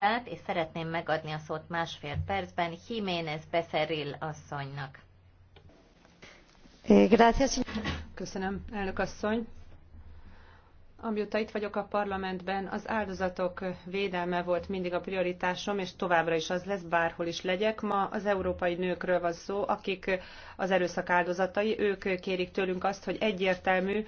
át, és szeretném megadni a szót másfél percben Jiménez Becerril asszonynak. Eh, Köszönöm, elnök asszony. Amióta itt vagyok a parlamentben, az áldozatok védelme volt mindig a prioritásom, és továbbra is az lesz, bárhol is legyek. Ma az európai nőkről van szó, akik az erőszak áldozatai. Ők kérik tőlünk azt, hogy egyértelmű,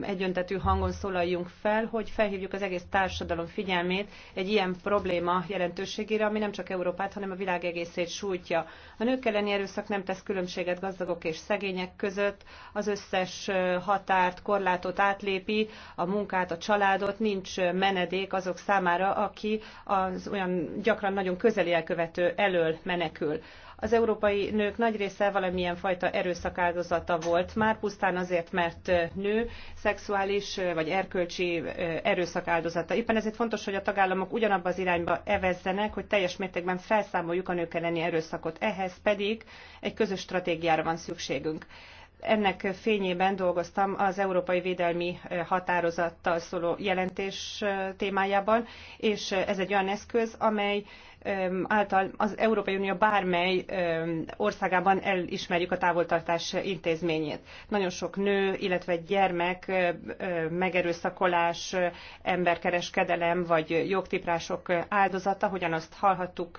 egyöntetű hangon szólaljunk fel, hogy felhívjuk az egész társadalom figyelmét egy ilyen probléma jelentőségére, ami nem csak Európát, hanem a világ egészét sújtja. A nők elleni erőszak nem tesz különbséget gazdagok és szegények között, az összes határt, korlátot átlépi, a a munkát, a családot, nincs menedék azok számára, aki az olyan gyakran nagyon közeli elkövető elől menekül. Az európai nők nagy része valamilyen fajta erőszak áldozata volt már, pusztán azért, mert nő, szexuális vagy erkölcsi erőszak áldozata. Éppen ezért fontos, hogy a tagállamok ugyanabba az irányba evezzenek, hogy teljes mértékben felszámoljuk a nők elleni erőszakot. Ehhez pedig egy közös stratégiára van szükségünk ennek fényében dolgoztam az Európai Védelmi eh, Határozattal szóló jelentés eh, témájában, és eh, ez egy olyan eszköz, amely által az Európai Unió bármely országában elismerjük a távoltartás intézményét. Nagyon sok nő, illetve gyermek megerőszakolás, emberkereskedelem vagy jogtiprások áldozata, hogyan azt hallhattuk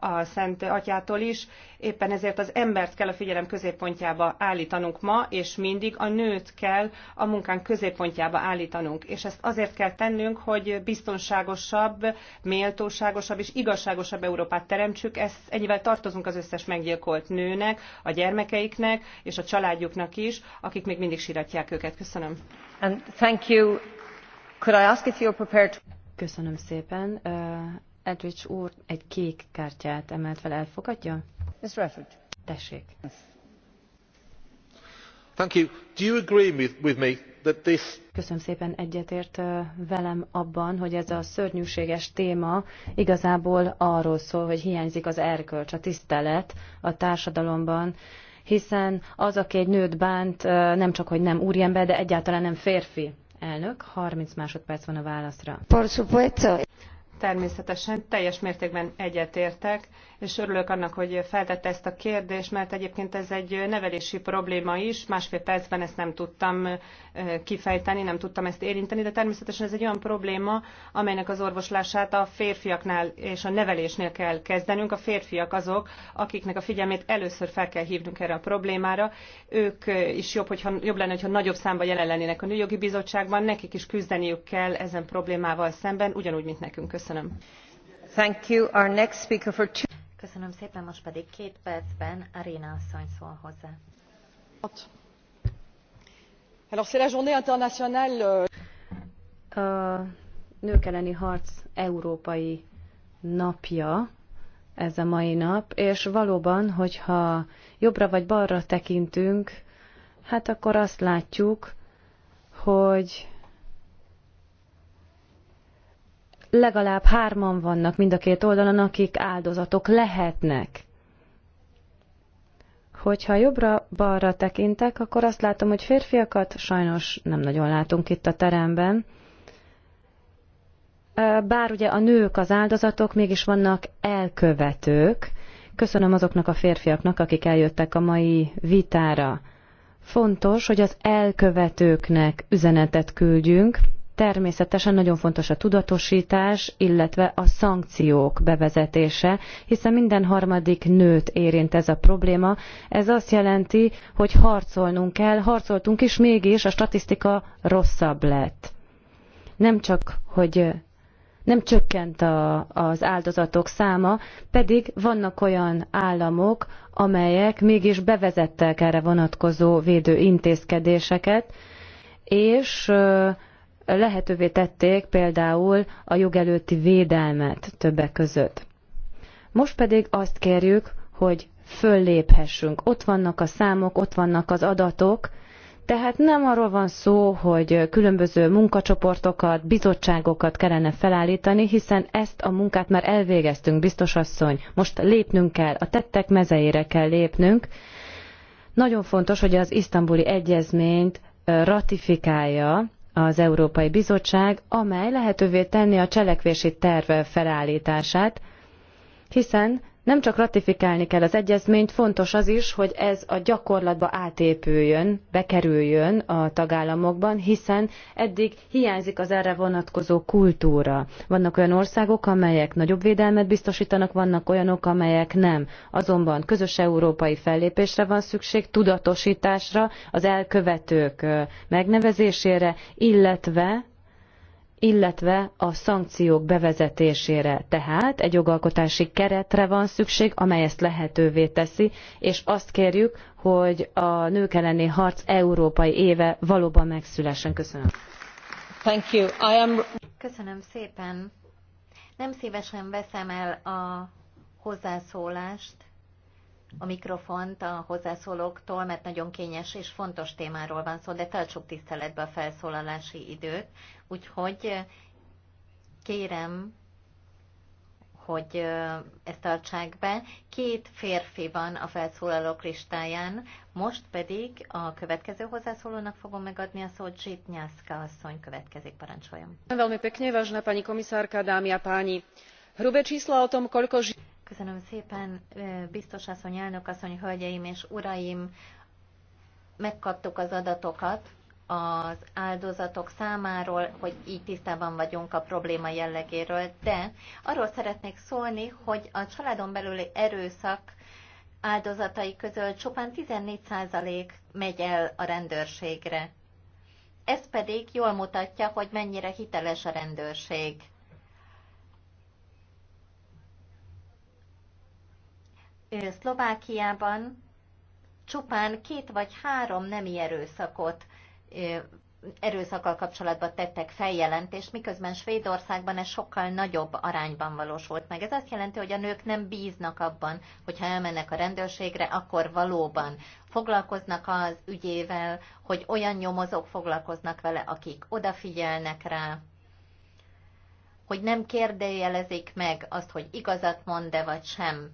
a Szent Atyától is. Éppen ezért az embert kell a figyelem középpontjába állítanunk ma, és mindig a nőt kell a munkánk középpontjába állítanunk. És ezt azért kell tennünk, hogy biztonságosabb, méltóságosabb és igazságosabb igazságosabb Európát teremtsük, ezt, ennyivel tartozunk az összes meggyilkolt nőnek, a gyermekeiknek és a családjuknak is, akik még mindig síratják őket. Köszönöm. And thank you. Could I ask if you're prepared to... Köszönöm szépen. Uh, Edwidge úr egy kék kártyát emelt fel, elfogadja? Ms. Redford. Tessék. Thank you. Do you agree with me Köszönöm szépen egyetért velem abban, hogy ez a szörnyűséges téma igazából arról szól, hogy hiányzik az erkölcs, a tisztelet a társadalomban, hiszen az, aki egy nőt bánt, nem csak, hogy nem úriember, de egyáltalán nem férfi. Elnök, 30 másodperc van a válaszra. Por supuesto. Természetesen teljes mértékben egyetértek, és örülök annak, hogy feltette ezt a kérdést, mert egyébként ez egy nevelési probléma is. Másfél percben ezt nem tudtam kifejteni, nem tudtam ezt érinteni, de természetesen ez egy olyan probléma, amelynek az orvoslását a férfiaknál és a nevelésnél kell kezdenünk. A férfiak azok, akiknek a figyelmét először fel kell hívnunk erre a problémára. Ők is jobb, hogyha, jobb lenne, hogyha nagyobb számban jelen lennének a Nőjogi Bizottságban, nekik is küzdeniük kell ezen problémával szemben, ugyanúgy, mint nekünk. Köszönöm. Köszönöm. Köszönöm szépen, most pedig két percben Aréna asszony szól hozzá. Alors c'est la journée internationale. Euh, a nők elleni harc európai napja, ez a mai nap, és valóban, hogyha jobbra vagy balra tekintünk, hát akkor azt látjuk, hogy legalább hárman vannak mind a két oldalon, akik áldozatok lehetnek. Hogyha jobbra-balra tekintek, akkor azt látom, hogy férfiakat sajnos nem nagyon látunk itt a teremben. Bár ugye a nők az áldozatok, mégis vannak elkövetők. Köszönöm azoknak a férfiaknak, akik eljöttek a mai vitára. Fontos, hogy az elkövetőknek üzenetet küldjünk, Természetesen nagyon fontos a tudatosítás, illetve a szankciók bevezetése, hiszen minden harmadik nőt érint ez a probléma. Ez azt jelenti, hogy harcolnunk kell, harcoltunk is, mégis a statisztika rosszabb lett. Nem csak, hogy nem csökkent a, az áldozatok száma, pedig vannak olyan államok, amelyek mégis bevezettek erre vonatkozó védő intézkedéseket, és lehetővé tették például a jogelőtti védelmet többek között. Most pedig azt kérjük, hogy fölléphessünk. Ott vannak a számok, ott vannak az adatok, tehát nem arról van szó, hogy különböző munkacsoportokat, bizottságokat kellene felállítani, hiszen ezt a munkát már elvégeztünk, biztos asszony. Most lépnünk kell, a tettek mezeire kell lépnünk. Nagyon fontos, hogy az isztambuli egyezményt ratifikálja az Európai Bizottság, amely lehetővé tenni a cselekvési terv felállítását, hiszen nem csak ratifikálni kell az egyezményt, fontos az is, hogy ez a gyakorlatba átépüljön, bekerüljön a tagállamokban, hiszen eddig hiányzik az erre vonatkozó kultúra. Vannak olyan országok, amelyek nagyobb védelmet biztosítanak, vannak olyanok, amelyek nem. Azonban közös európai fellépésre van szükség, tudatosításra, az elkövetők megnevezésére, illetve illetve a szankciók bevezetésére. Tehát egy jogalkotási keretre van szükség, amely ezt lehetővé teszi, és azt kérjük, hogy a nők elleni harc európai éve valóban megszülessen. Köszönöm. Thank you. I am... Köszönöm szépen. Nem szívesen veszem el a hozzászólást, a mikrofont a hozzászólóktól, mert nagyon kényes és fontos témáról van szó, de tartsuk tiszteletbe a felszólalási időt. Úgyhogy eh, kérem, hogy eh, ezt tartsák be. Két férfi van a felszólalók listáján, most pedig a következő hozzászólónak fogom megadni a szót, Zsit Nyászka asszony következik, parancsoljon. Velmi pekne, vážna pani komisárka, dámy a páni. Hrubé čísla o tom, koľko Köszönöm szépen, eh, biztos asszony, elnök asszony, hölgyeim és uraim, megkaptuk az adatokat, az áldozatok számáról, hogy így tisztában vagyunk a probléma jellegéről, de arról szeretnék szólni, hogy a családon belüli erőszak áldozatai közül csupán 14% megy el a rendőrségre. Ez pedig jól mutatja, hogy mennyire hiteles a rendőrség. Szlovákiában csupán két vagy három nemi erőszakot erőszakkal kapcsolatban tettek feljelentést, miközben Svédországban ez sokkal nagyobb arányban valósult meg. Ez azt jelenti, hogy a nők nem bíznak abban, hogyha elmennek a rendőrségre, akkor valóban foglalkoznak az ügyével, hogy olyan nyomozók foglalkoznak vele, akik odafigyelnek rá, hogy nem kérdőjelezik meg azt, hogy igazat mond-e vagy sem,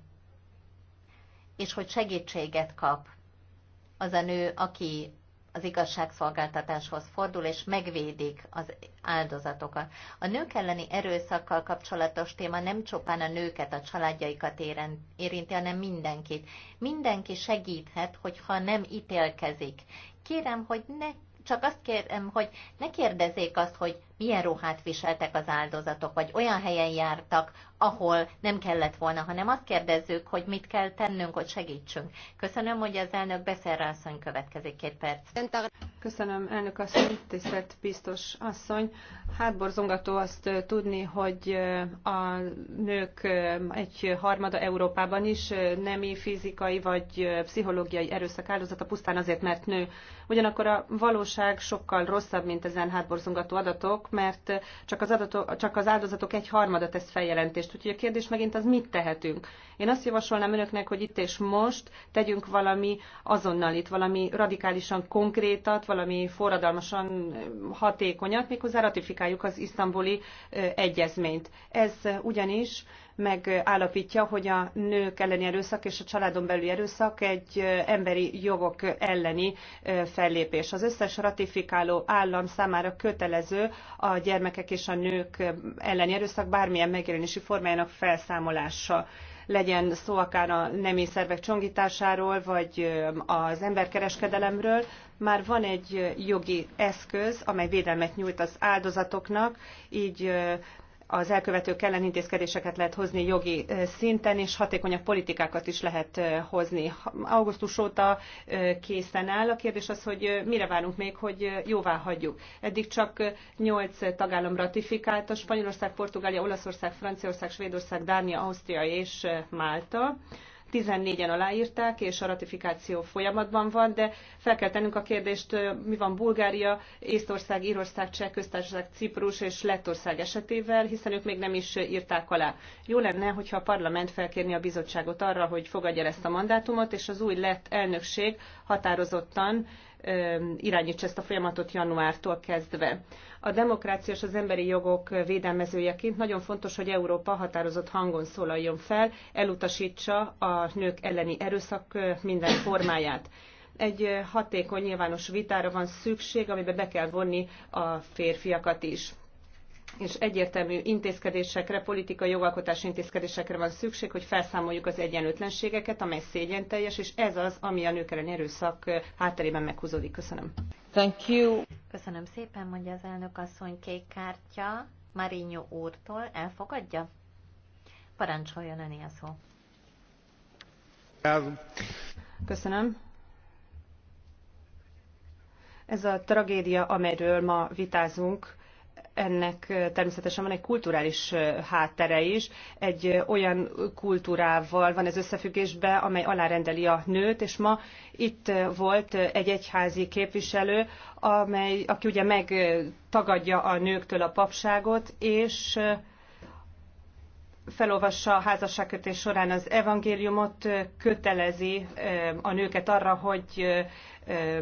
és hogy segítséget kap az a nő, aki az igazságszolgáltatáshoz fordul, és megvédik az áldozatokat. A nők elleni erőszakkal kapcsolatos téma nem csupán a nőket, a családjaikat érinti, hanem mindenkit. Mindenki segíthet, hogyha nem ítélkezik. Kérem, hogy ne, csak azt kérem, hogy ne kérdezzék azt, hogy milyen ruhát viseltek az áldozatok, vagy olyan helyen jártak, ahol nem kellett volna, hanem azt kérdezzük, hogy mit kell tennünk, hogy segítsünk. Köszönöm, hogy az elnök beszerre asszony következik két perc. Köszönöm, elnök asszony, tisztelt biztos asszony. Hátborzongató azt tudni, hogy a nők egy harmada Európában is nemi, fizikai vagy pszichológiai erőszak áldozata pusztán azért, mert nő. Ugyanakkor a valóság sokkal rosszabb, mint ezen hátborzongató adatok, mert csak az, adatok, csak az áldozatok egy harmada tesz feljelentést. Úgyhogy a kérdés megint az, mit tehetünk? Én azt javasolnám önöknek, hogy itt és most tegyünk valami azonnal itt, valami radikálisan konkrétat, valami forradalmasan hatékonyat, méghozzá ratifikáljuk az isztambuli egyezményt. Ez ugyanis megállapítja, hogy a nők elleni erőszak és a családon belüli erőszak egy emberi jogok elleni fellépés. Az összes ratifikáló állam számára kötelező a gyermekek és a nők elleni erőszak bármilyen megjelenési formájának felszámolása legyen szó akár a nemi szervek csongításáról, vagy az emberkereskedelemről, már van egy jogi eszköz, amely védelmet nyújt az áldozatoknak, így az elkövetők ellen intézkedéseket lehet hozni jogi szinten, és hatékonyabb politikákat is lehet hozni. Augusztus óta készen áll. A kérdés az, hogy mire várunk még, hogy jóvá hagyjuk. Eddig csak nyolc tagállam ratifikálta, Spanyolország, Portugália, Olaszország, Franciaország, Svédország, Dánia, Ausztria és Málta. 14-en aláírták, és a ratifikáció folyamatban van, de fel kell tennünk a kérdést, mi van Bulgária, Észtország, Írország, Cseh köztársaság, Ciprus és Lettország esetével, hiszen ők még nem is írták alá. Jó lenne, hogyha a parlament felkérni a bizottságot arra, hogy fogadja ezt a mandátumot, és az új lett elnökség határozottan irányítsa ezt a folyamatot januártól kezdve. A demokrácia és az emberi jogok védelmezőjeként nagyon fontos, hogy Európa határozott hangon szólaljon fel, elutasítsa a nők elleni erőszak minden formáját egy hatékony nyilvános vitára van szükség, amiben be kell vonni a férfiakat is és egyértelmű intézkedésekre, politikai jogalkotási intézkedésekre van szükség, hogy felszámoljuk az egyenlőtlenségeket, amely szégyen teljes, és ez az, ami a nők elleni erőszak hátterében meghúzódik. Köszönöm. Thank you. Köszönöm szépen, mondja az elnök asszony kék kártya Marinho úrtól. Elfogadja? Parancsoljon ön a szó. Köszönöm. Ez a tragédia, amelyről ma vitázunk, ennek természetesen van egy kulturális háttere is, egy olyan kultúrával van ez összefüggésben, amely alárendeli a nőt, és ma itt volt egy egyházi képviselő, amely, aki ugye megtagadja a nőktől a papságot, és felolvassa a házasságkötés során az evangéliumot, kötelezi a nőket arra, hogy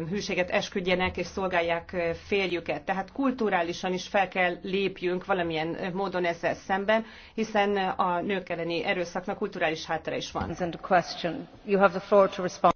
hűséget esküdjenek és szolgálják férjüket. Tehát kulturálisan is fel kell lépjünk valamilyen módon ezzel szemben, hiszen a nők elleni erőszaknak kulturális háttere is van.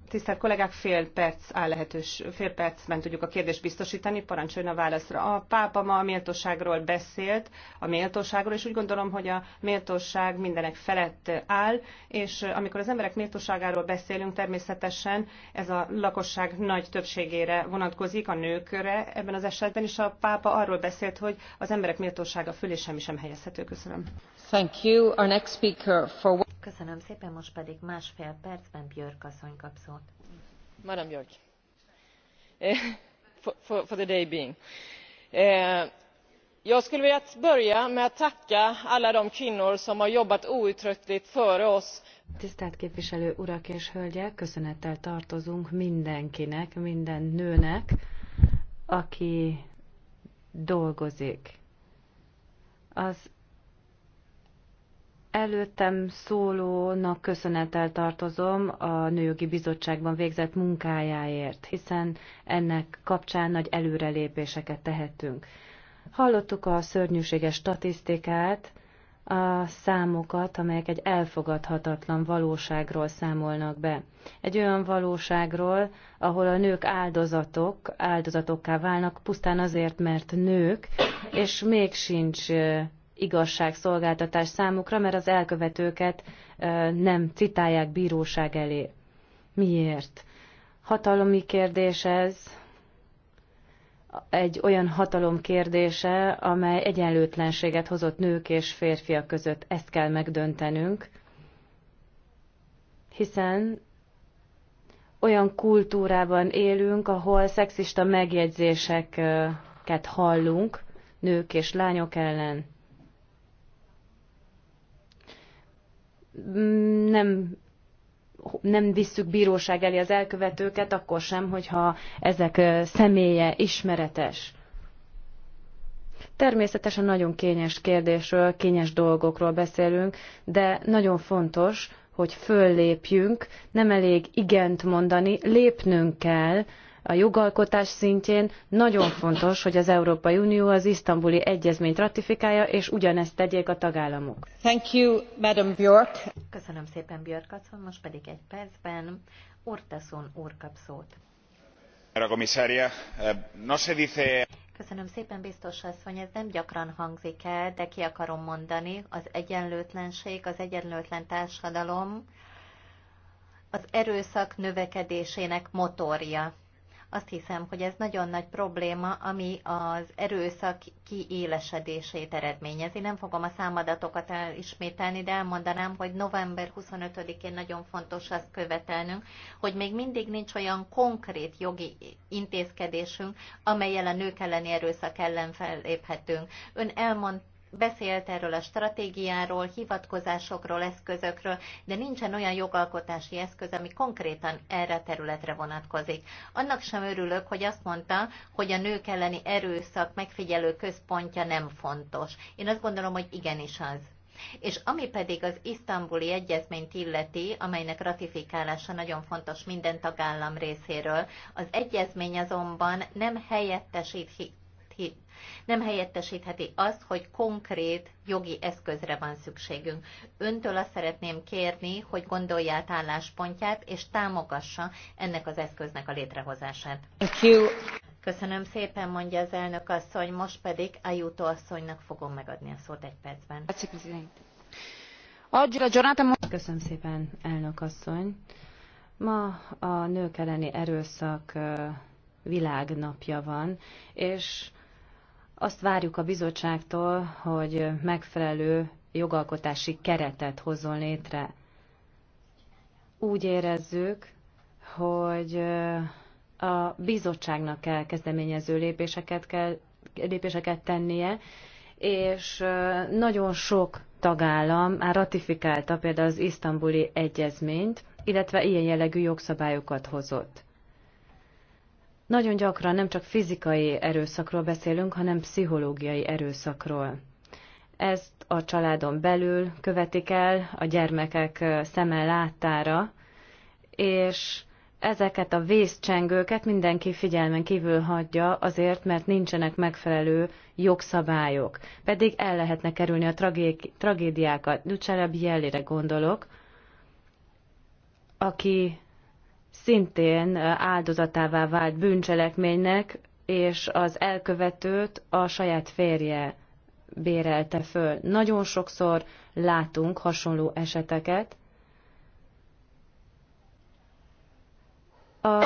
Tisztelt kollégák, fél perc áll lehetős, fél percben tudjuk a kérdést biztosítani, parancsoljon a válaszra. A pápa ma a méltóságról beszélt, a méltóságról, és úgy gondolom, hogy a méltóság mindenek felett áll, és amikor az emberek méltóságáról beszélünk, természetesen ez a lakosság nagy nagy többségére vonatkozik, a nőkre ebben az esetben, és a pápa arról beszélt, hogy az emberek méltósága fölé semmi sem helyezhető. Köszönöm. Thank you. Our next speaker for... Köszönöm szépen, most pedig másfél percben Björk asszony kap szót. Madam Björk. Eh, for, for, for the day being. Eh, jag skulle vilja börja med att tacka alla de kvinnor som har jobbat outtröttligt före oss Tisztelt képviselő urak és hölgyek, köszönettel tartozunk mindenkinek, minden nőnek, aki dolgozik. Az előttem szólónak köszönettel tartozom a Nőjogi Bizottságban végzett munkájáért, hiszen ennek kapcsán nagy előrelépéseket tehetünk. Hallottuk a szörnyűséges statisztikát, a számokat, amelyek egy elfogadhatatlan valóságról számolnak be. Egy olyan valóságról, ahol a nők áldozatok, áldozatokká válnak pusztán azért, mert nők, és még sincs igazságszolgáltatás számukra, mert az elkövetőket nem citálják bíróság elé. Miért? Hatalomi kérdés ez, egy olyan hatalom kérdése, amely egyenlőtlenséget hozott nők és férfiak között. Ezt kell megdöntenünk, hiszen olyan kultúrában élünk, ahol szexista megjegyzéseket hallunk nők és lányok ellen. Nem nem visszük bíróság elé az elkövetőket, akkor sem, hogyha ezek személye ismeretes. Természetesen nagyon kényes kérdésről, kényes dolgokról beszélünk, de nagyon fontos, hogy föllépjünk, nem elég igent mondani, lépnünk kell, a jogalkotás szintjén nagyon fontos, hogy az Európai Unió az isztambuli egyezményt ratifikálja, és ugyanezt tegyék a tagállamok. Thank you, Madam Björk. Köszönöm szépen, Björk Atson, most pedig egy percben Urtasun úr kap szót. Eh, Köszönöm szépen, biztos asszony, ez nem gyakran hangzik el, de ki akarom mondani, az egyenlőtlenség, az egyenlőtlen társadalom az erőszak növekedésének motorja azt hiszem, hogy ez nagyon nagy probléma, ami az erőszak kiélesedését eredményezi. Nem fogom a számadatokat elismételni, de elmondanám, hogy november 25-én nagyon fontos azt követelnünk, hogy még mindig nincs olyan konkrét jogi intézkedésünk, amelyel a nők elleni erőszak ellen felléphetünk. Ön elmondta, beszélt erről a stratégiáról, hivatkozásokról, eszközökről, de nincsen olyan jogalkotási eszköz, ami konkrétan erre a területre vonatkozik. Annak sem örülök, hogy azt mondta, hogy a nők elleni erőszak megfigyelő központja nem fontos. Én azt gondolom, hogy igenis az. És ami pedig az isztambuli egyezményt illeti, amelynek ratifikálása nagyon fontos minden tagállam részéről, az egyezmény azonban nem helyettesíti ki, nem helyettesítheti azt, hogy konkrét jogi eszközre van szükségünk. Öntől azt szeretném kérni, hogy gondolja át álláspontját, és támogassa ennek az eszköznek a létrehozását. Köszönöm szépen, mondja az elnök asszony, most pedig Ajuto asszonynak fogom megadni a szót egy percben. Köszönöm szépen, elnök asszony. Ma a nők elleni erőszak világnapja van, és azt várjuk a bizottságtól, hogy megfelelő jogalkotási keretet hozzon létre. Úgy érezzük, hogy a bizottságnak kell kezdeményező lépéseket, kell, lépéseket tennie, és nagyon sok tagállam már ratifikálta például az isztambuli egyezményt, illetve ilyen jellegű jogszabályokat hozott. Nagyon gyakran nem csak fizikai erőszakról beszélünk, hanem pszichológiai erőszakról. Ezt a családon belül követik el a gyermekek szeme láttára, és ezeket a vészcsengőket mindenki figyelmen kívül hagyja azért, mert nincsenek megfelelő jogszabályok. Pedig el lehetne kerülni a tragé- tragédiákat. Ducsele Bielire gondolok, aki szintén áldozatává vált bűncselekménynek, és az elkövetőt a saját férje bérelte föl. Nagyon sokszor látunk hasonló eseteket. A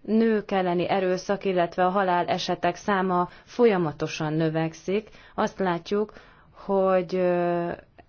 nők elleni erőszak, illetve a halál esetek száma folyamatosan növekszik. Azt látjuk, hogy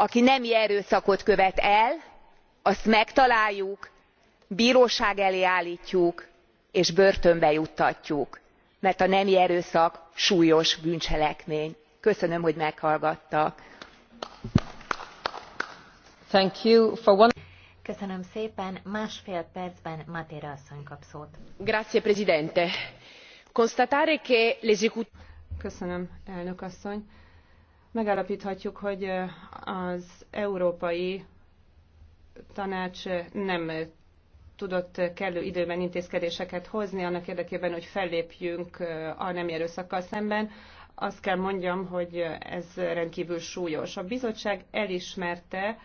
aki nemi erőszakot követ el azt megtaláljuk bróság elé álltjuk és börtönbe juttatjuk mert a nemi erőszak súlyos bűncselekmény. köszönöm hogy meghallgattak. Köszönöm szépen. Másfél percben Grazie, Presidente. Köszönöm, megállapíthatjuk, hogy az európai tanács nem tudott kellő időben intézkedéseket hozni annak érdekében, hogy fellépjünk a nem erőszakkal szemben. Azt kell mondjam, hogy ez rendkívül súlyos. A bizottság elismerte,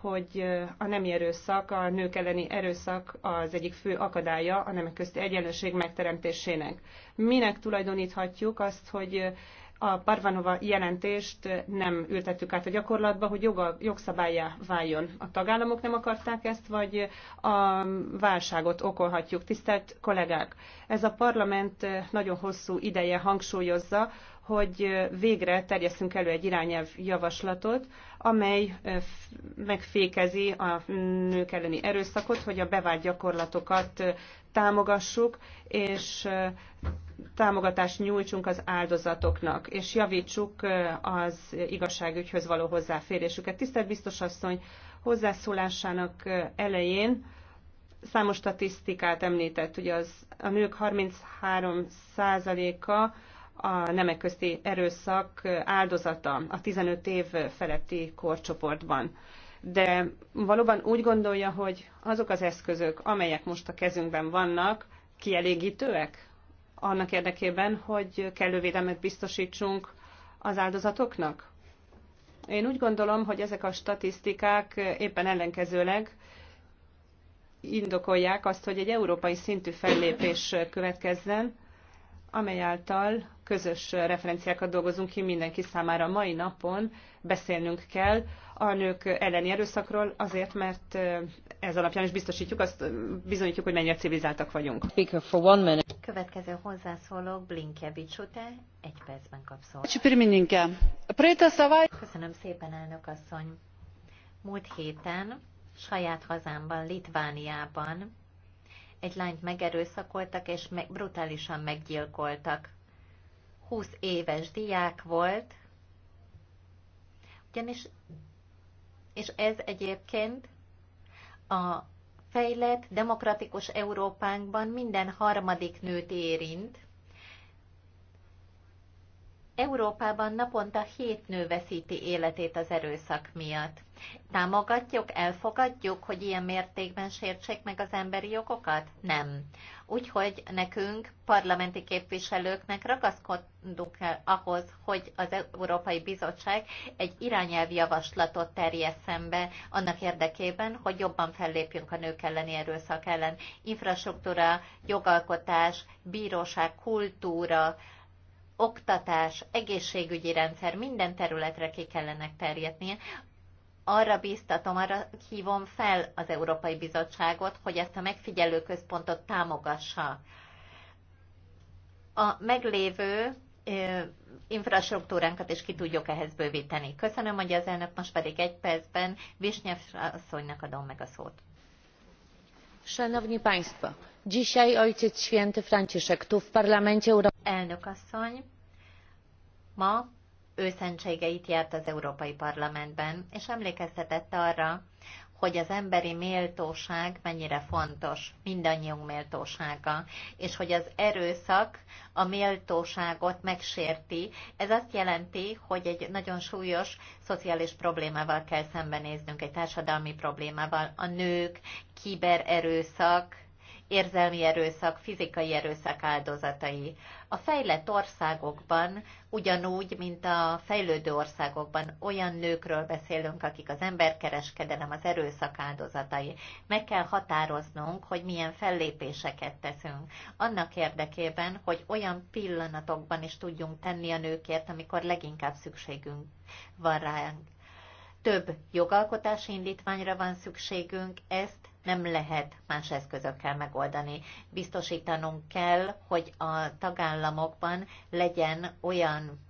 hogy a nem erőszak, a nők elleni erőszak az egyik fő akadálya a nemek közti egyenlőség megteremtésének. Minek tulajdoníthatjuk azt, hogy a Parvanova jelentést nem ültettük át a gyakorlatba, hogy joga, jogszabályá váljon. A tagállamok nem akarták ezt, vagy a válságot okolhatjuk. Tisztelt kollégák, ez a parlament nagyon hosszú ideje hangsúlyozza, hogy végre terjesszünk elő egy irányelv javaslatot, amely megfékezi a nők elleni erőszakot, hogy a bevált gyakorlatokat támogassuk, és támogatást nyújtsunk az áldozatoknak, és javítsuk az igazságügyhöz való hozzáférésüket. Tisztelt biztos asszony, hozzászólásának elején számos statisztikát említett, hogy az, a nők 33%-a a nemek közti erőszak áldozata a 15 év feletti korcsoportban. De valóban úgy gondolja, hogy azok az eszközök, amelyek most a kezünkben vannak, kielégítőek annak érdekében, hogy kellő védelmet biztosítsunk az áldozatoknak? Én úgy gondolom, hogy ezek a statisztikák éppen ellenkezőleg indokolják azt, hogy egy európai szintű fellépés következzen, amely által közös referenciákat dolgozunk ki mindenki számára. mai napon beszélnünk kell a nők elleni erőszakról, azért, mert eh, ez alapján is biztosítjuk, azt bizonyítjuk, hogy mennyire civilizáltak vagyunk. Következő hozzászóló Blinkevics után egy percben kapszol. Köszönöm szépen, elnök asszony. Múlt héten saját hazámban, Litvániában egy lányt megerőszakoltak és meg, brutálisan meggyilkoltak. 20 éves diák volt, ugyanis, és ez egyébként a fejlett, demokratikus Európánkban minden harmadik nőt érint, Európában naponta hét nő veszíti életét az erőszak miatt. Támogatjuk, elfogadjuk, hogy ilyen mértékben sértsék meg az emberi jogokat? Nem. Úgyhogy nekünk, parlamenti képviselőknek ragaszkodunk el ahhoz, hogy az Európai Bizottság egy irányelvjavaslatot terjesszen be annak érdekében, hogy jobban fellépjünk a nők elleni erőszak ellen. Infrastruktúra, jogalkotás, bíróság, kultúra, oktatás, egészségügyi rendszer, minden területre ki kellene terjednie. Arra bíztatom, arra hívom fel az Európai Bizottságot, hogy ezt a megfigyelőközpontot támogassa. A meglévő infrastruktúránkat is ki tudjuk ehhez bővíteni. Köszönöm, hogy az elnök most pedig egy percben Visnyev asszonynak adom meg a szót. Szanowni Państwo, dzisiaj ojciec święty franciszek tu w parlamencie europejskim ma őszentségeit járt az Európai Parlamentben, és emlékeztetett arra, hogy az emberi méltóság mennyire fontos, mindannyiunk méltósága, és hogy az erőszak a méltóságot megsérti. Ez azt jelenti, hogy egy nagyon súlyos szociális problémával kell szembenéznünk, egy társadalmi problémával. A nők, kibererőszak, érzelmi erőszak, fizikai erőszak áldozatai. A fejlett országokban, ugyanúgy, mint a fejlődő országokban olyan nőkről beszélünk, akik az emberkereskedelem, az erőszak áldozatai. Meg kell határoznunk, hogy milyen fellépéseket teszünk. Annak érdekében, hogy olyan pillanatokban is tudjunk tenni a nőkért, amikor leginkább szükségünk van ránk. Több jogalkotási indítványra van szükségünk, ezt nem lehet más eszközökkel megoldani. Biztosítanunk kell, hogy a tagállamokban legyen olyan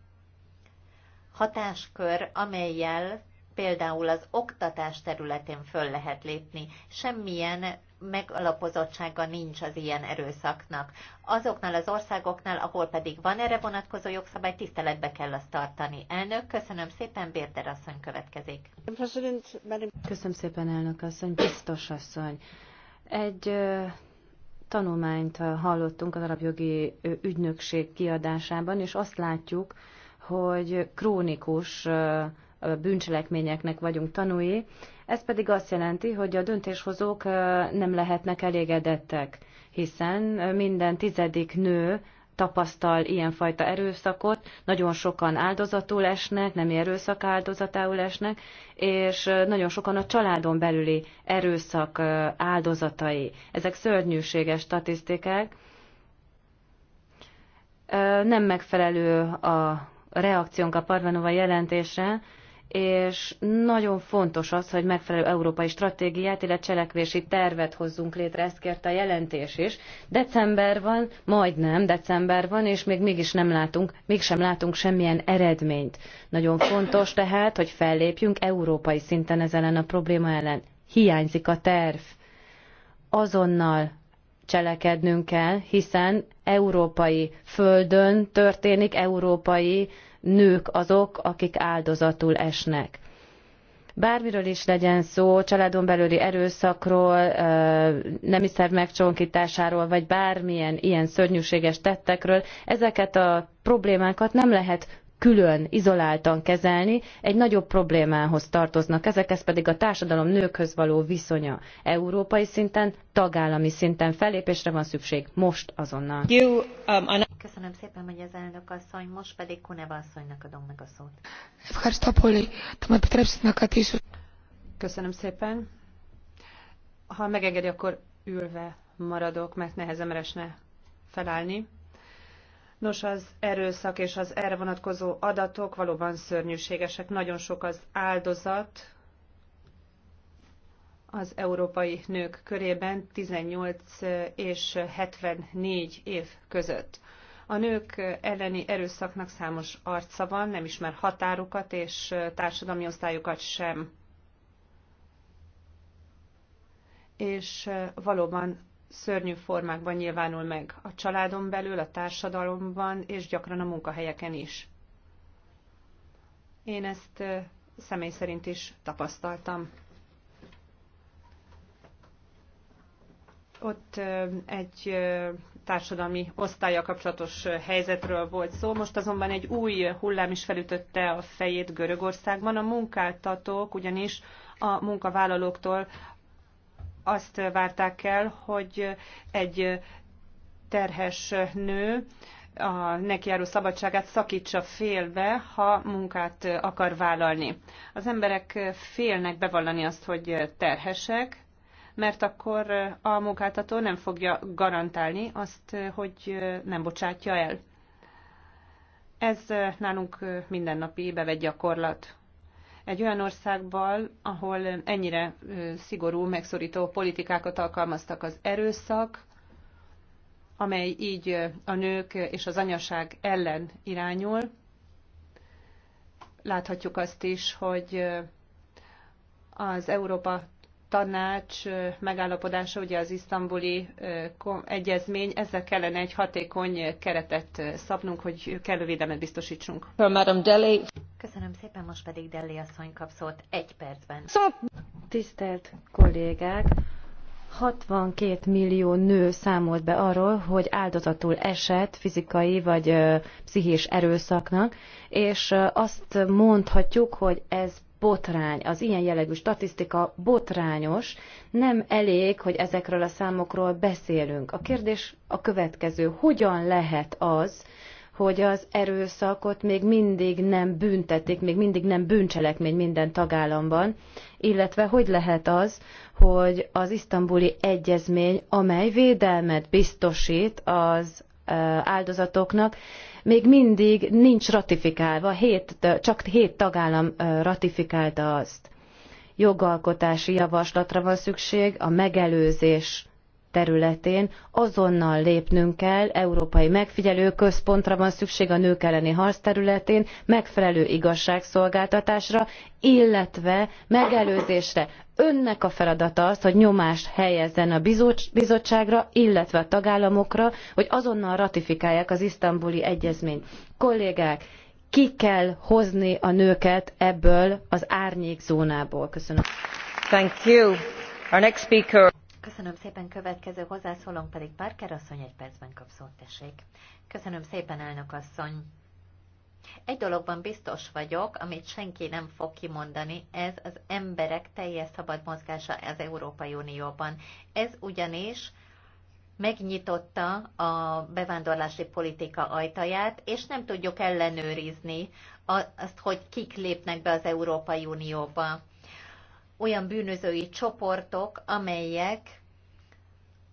hatáskör, amelyel például az oktatás területén föl lehet lépni. Semmilyen megalapozottsága nincs az ilyen erőszaknak. Azoknál az országoknál, ahol pedig van erre vonatkozó jogszabály, tiszteletbe kell azt tartani. Elnök, köszönöm szépen, Bérder asszony következik. Köszönöm szépen, elnök asszony, biztos asszony. Egy tanulmányt hallottunk az alapjogi ügynökség kiadásában, és azt látjuk, hogy krónikus bűncselekményeknek vagyunk tanúi. Ez pedig azt jelenti, hogy a döntéshozók nem lehetnek elégedettek, hiszen minden tizedik nő tapasztal ilyenfajta erőszakot, nagyon sokan áldozatul esnek, nem erőszak áldozatául esnek, és nagyon sokan a családon belüli erőszak áldozatai. Ezek szörnyűséges statisztikák. Nem megfelelő a reakciónk a Parvanova jelentésre, és nagyon fontos az, hogy megfelelő európai stratégiát, illetve cselekvési tervet hozzunk létre, ezt kérte a jelentés is. December van, majdnem december van, és még mégis nem látunk, mégsem látunk semmilyen eredményt. Nagyon fontos tehát, hogy fellépjünk európai szinten ez ellen a probléma ellen. Hiányzik a terv. Azonnal cselekednünk kell, hiszen európai földön történik európai nők azok, akik áldozatul esnek. Bármiről is legyen szó, családon belüli erőszakról, nemiszer megcsonkításáról, vagy bármilyen ilyen szörnyűséges tettekről, ezeket a problémákat nem lehet külön, izoláltan kezelni, egy nagyobb problémához tartoznak ezek, ez pedig a társadalom nőkhöz való viszonya. Európai szinten, tagállami szinten fellépésre van szükség, most azonnal. Um, Köszönöm szépen, hogy az elnök asszony, most pedig Kuneva asszonynak adom meg a szót. Köszönöm szépen. Ha megengedi, akkor ülve maradok, mert nehezemre esne felállni. Nos, az erőszak és az erre vonatkozó adatok valóban szörnyűségesek. Nagyon sok az áldozat az európai nők körében 18 és 74 év között. A nők elleni erőszaknak számos arca van, nem ismer határokat és társadalmi osztályokat sem. És valóban szörnyű formákban nyilvánul meg a családon belül, a társadalomban és gyakran a munkahelyeken is. Én ezt személy szerint is tapasztaltam. Ott egy társadalmi osztálya kapcsolatos helyzetről volt szó, most azonban egy új hullám is felütötte a fejét Görögországban. A munkáltatók ugyanis a munkavállalóktól azt várták el, hogy egy terhes nő a neki járó szabadságát szakítsa félbe, ha munkát akar vállalni. Az emberek félnek bevallani azt, hogy terhesek, mert akkor a munkáltató nem fogja garantálni azt, hogy nem bocsátja el. Ez nálunk mindennapi bevett gyakorlat egy olyan országban, ahol ennyire szigorú, megszorító politikákat alkalmaztak az erőszak, amely így a nők és az anyaság ellen irányul. Láthatjuk azt is, hogy az Európa tanács megállapodása, ugye az isztambuli egyezmény, ezzel kellene egy hatékony keretet szabnunk, hogy kellő védelmet biztosítsunk. Köszönöm szépen, most pedig Delli asszony kap szót egy percben. Tisztelt kollégák! 62 millió nő számolt be arról, hogy áldozatul esett fizikai vagy pszichés erőszaknak, és azt mondhatjuk, hogy ez botrány. Az ilyen jellegű statisztika botrányos. Nem elég, hogy ezekről a számokról beszélünk. A kérdés a következő. Hogyan lehet az, hogy az erőszakot még mindig nem büntetik, még mindig nem bűncselekmény minden tagállamban, illetve hogy lehet az, hogy az isztambuli egyezmény, amely védelmet biztosít az áldozatoknak még mindig nincs ratifikálva, hét, csak hét tagállam ratifikálta azt. Jogalkotási javaslatra van szükség a megelőzés területén azonnal lépnünk kell, európai megfigyelő központra van szükség a nők elleni harc területén, megfelelő igazságszolgáltatásra, illetve megelőzésre. Önnek a feladata az, hogy nyomást helyezzen a bizottságra, illetve a tagállamokra, hogy azonnal ratifikálják az isztambuli egyezményt. Kollégák, ki kell hozni a nőket ebből az árnyék zónából. Köszönöm. Thank you. Our next speaker. Köszönöm szépen, következő hozzászólónk pedig Parker asszony egy percben kap szót, tessék. Köszönöm szépen, elnök asszony. Egy dologban biztos vagyok, amit senki nem fog kimondani, ez az emberek teljes szabad mozgása az Európai Unióban. Ez ugyanis megnyitotta a bevándorlási politika ajtaját, és nem tudjuk ellenőrizni azt, hogy kik lépnek be az Európai Unióba olyan bűnözői csoportok, amelyek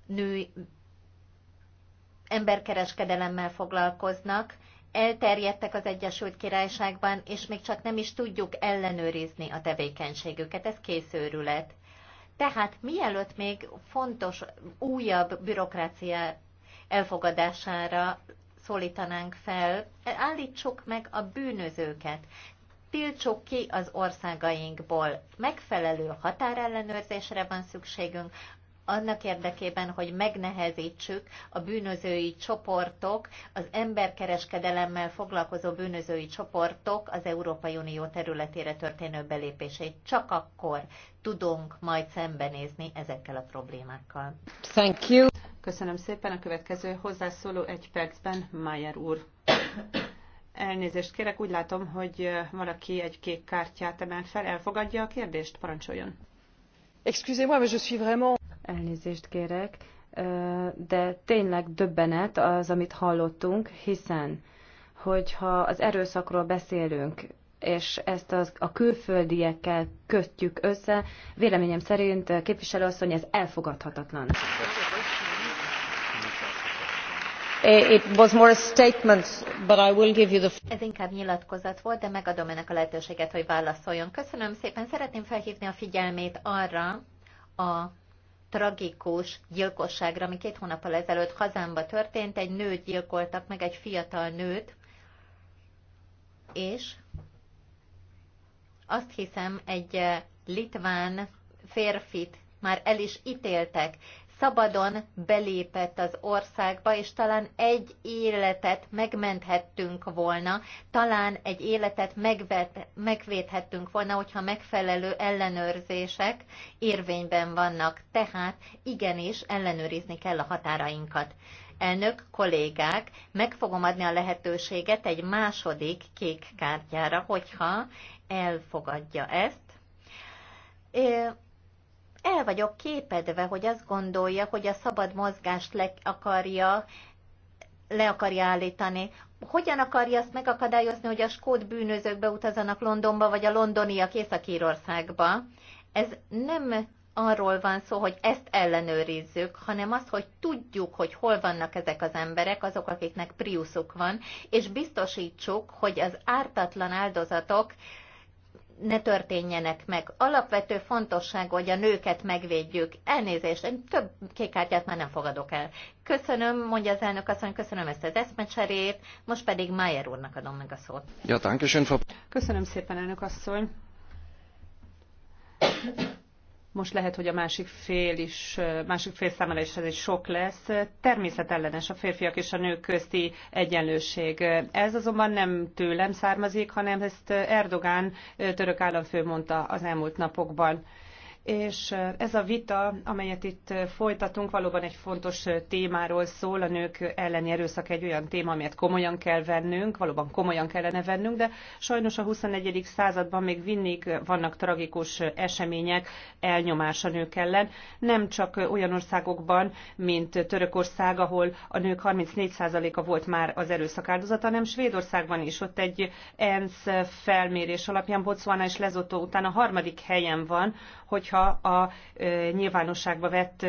nő emberkereskedelemmel foglalkoznak, elterjedtek az Egyesült Királyságban, és még csak nem is tudjuk ellenőrizni a tevékenységüket. Ez készőrület. Tehát mielőtt még fontos újabb bürokrácia elfogadására szólítanánk fel, állítsuk meg a bűnözőket tiltsuk ki az országainkból. Megfelelő határellenőrzésre van szükségünk, annak érdekében, hogy megnehezítsük a bűnözői csoportok, az emberkereskedelemmel foglalkozó bűnözői csoportok az Európai Unió területére történő belépését. Csak akkor tudunk majd szembenézni ezekkel a problémákkal. Thank you. Köszönöm szépen. A következő hozzászóló egy percben, Mayer úr. Elnézést kérek, úgy látom, hogy valaki egy kék kártyát emel fel. Elfogadja a kérdést? Parancsoljon. Excusez-moi, mais je suis vraiment... Elnézést kérek, de tényleg döbbenet az, amit hallottunk, hiszen hogyha az erőszakról beszélünk, és ezt az, a külföldiekkel kötjük össze, véleményem szerint képviselőasszony ez elfogadhatatlan. Eh, Ez inkább nyilatkozat volt, de megadom ennek a lehetőséget, hogy válaszoljon. Köszönöm szépen. Szeretném felhívni a figyelmét arra a tragikus gyilkosságra, ami két hónappal ezelőtt hazámba történt. Egy nőt gyilkoltak meg, egy fiatal nőt, és azt hiszem egy eh, litván férfit már el is ítéltek szabadon belépett az országba, és talán egy életet megmenthettünk volna, talán egy életet megvet, megvédhettünk volna, hogyha megfelelő ellenőrzések érvényben vannak. Tehát igenis ellenőrizni kell a határainkat. Elnök, kollégák, meg fogom adni a lehetőséget egy második kék kártyára, hogyha elfogadja ezt el vagyok képedve, hogy azt gondolja, hogy a szabad mozgást le akarja, le akarja állítani. Hogyan akarja azt megakadályozni, hogy a skót bűnözők beutazanak Londonba, vagy a londoniak Észak-Írországba? Ez nem arról van szó, hogy ezt ellenőrizzük, hanem az, hogy tudjuk, hogy hol vannak ezek az emberek, azok, akiknek priuszuk van, és biztosítsuk, hogy az ártatlan áldozatok ne történjenek meg. Alapvető fontosság, hogy a nőket megvédjük. Elnézést, én több kékártyát már nem fogadok el. Köszönöm, mondja az elnök asszony, köszönöm ezt az eszmecserét, most pedig Mayer úrnak adom meg a szót. Ja, danke schön, Köszönöm szépen, elnök asszony most lehet, hogy a másik fél is, másik fél számára is ez egy sok lesz. Természetellenes a férfiak és a nők közti egyenlőség. Ez azonban nem tőlem származik, hanem ezt Erdogán török államfő mondta az elmúlt napokban és ez a vita, amelyet itt folytatunk, valóban egy fontos témáról szól, a nők elleni erőszak egy olyan téma, amelyet komolyan kell vennünk, valóban komolyan kellene vennünk, de sajnos a XXI. században még mindig vannak tragikus események, elnyomás a nők ellen, nem csak olyan országokban, mint Törökország, ahol a nők 34%-a volt már az erőszak áldozata, hanem Svédországban is, ott egy ENSZ felmérés alapján Botswana és Lezotó után a harmadik helyen van, hogy hogyha a nyilvánosságba vett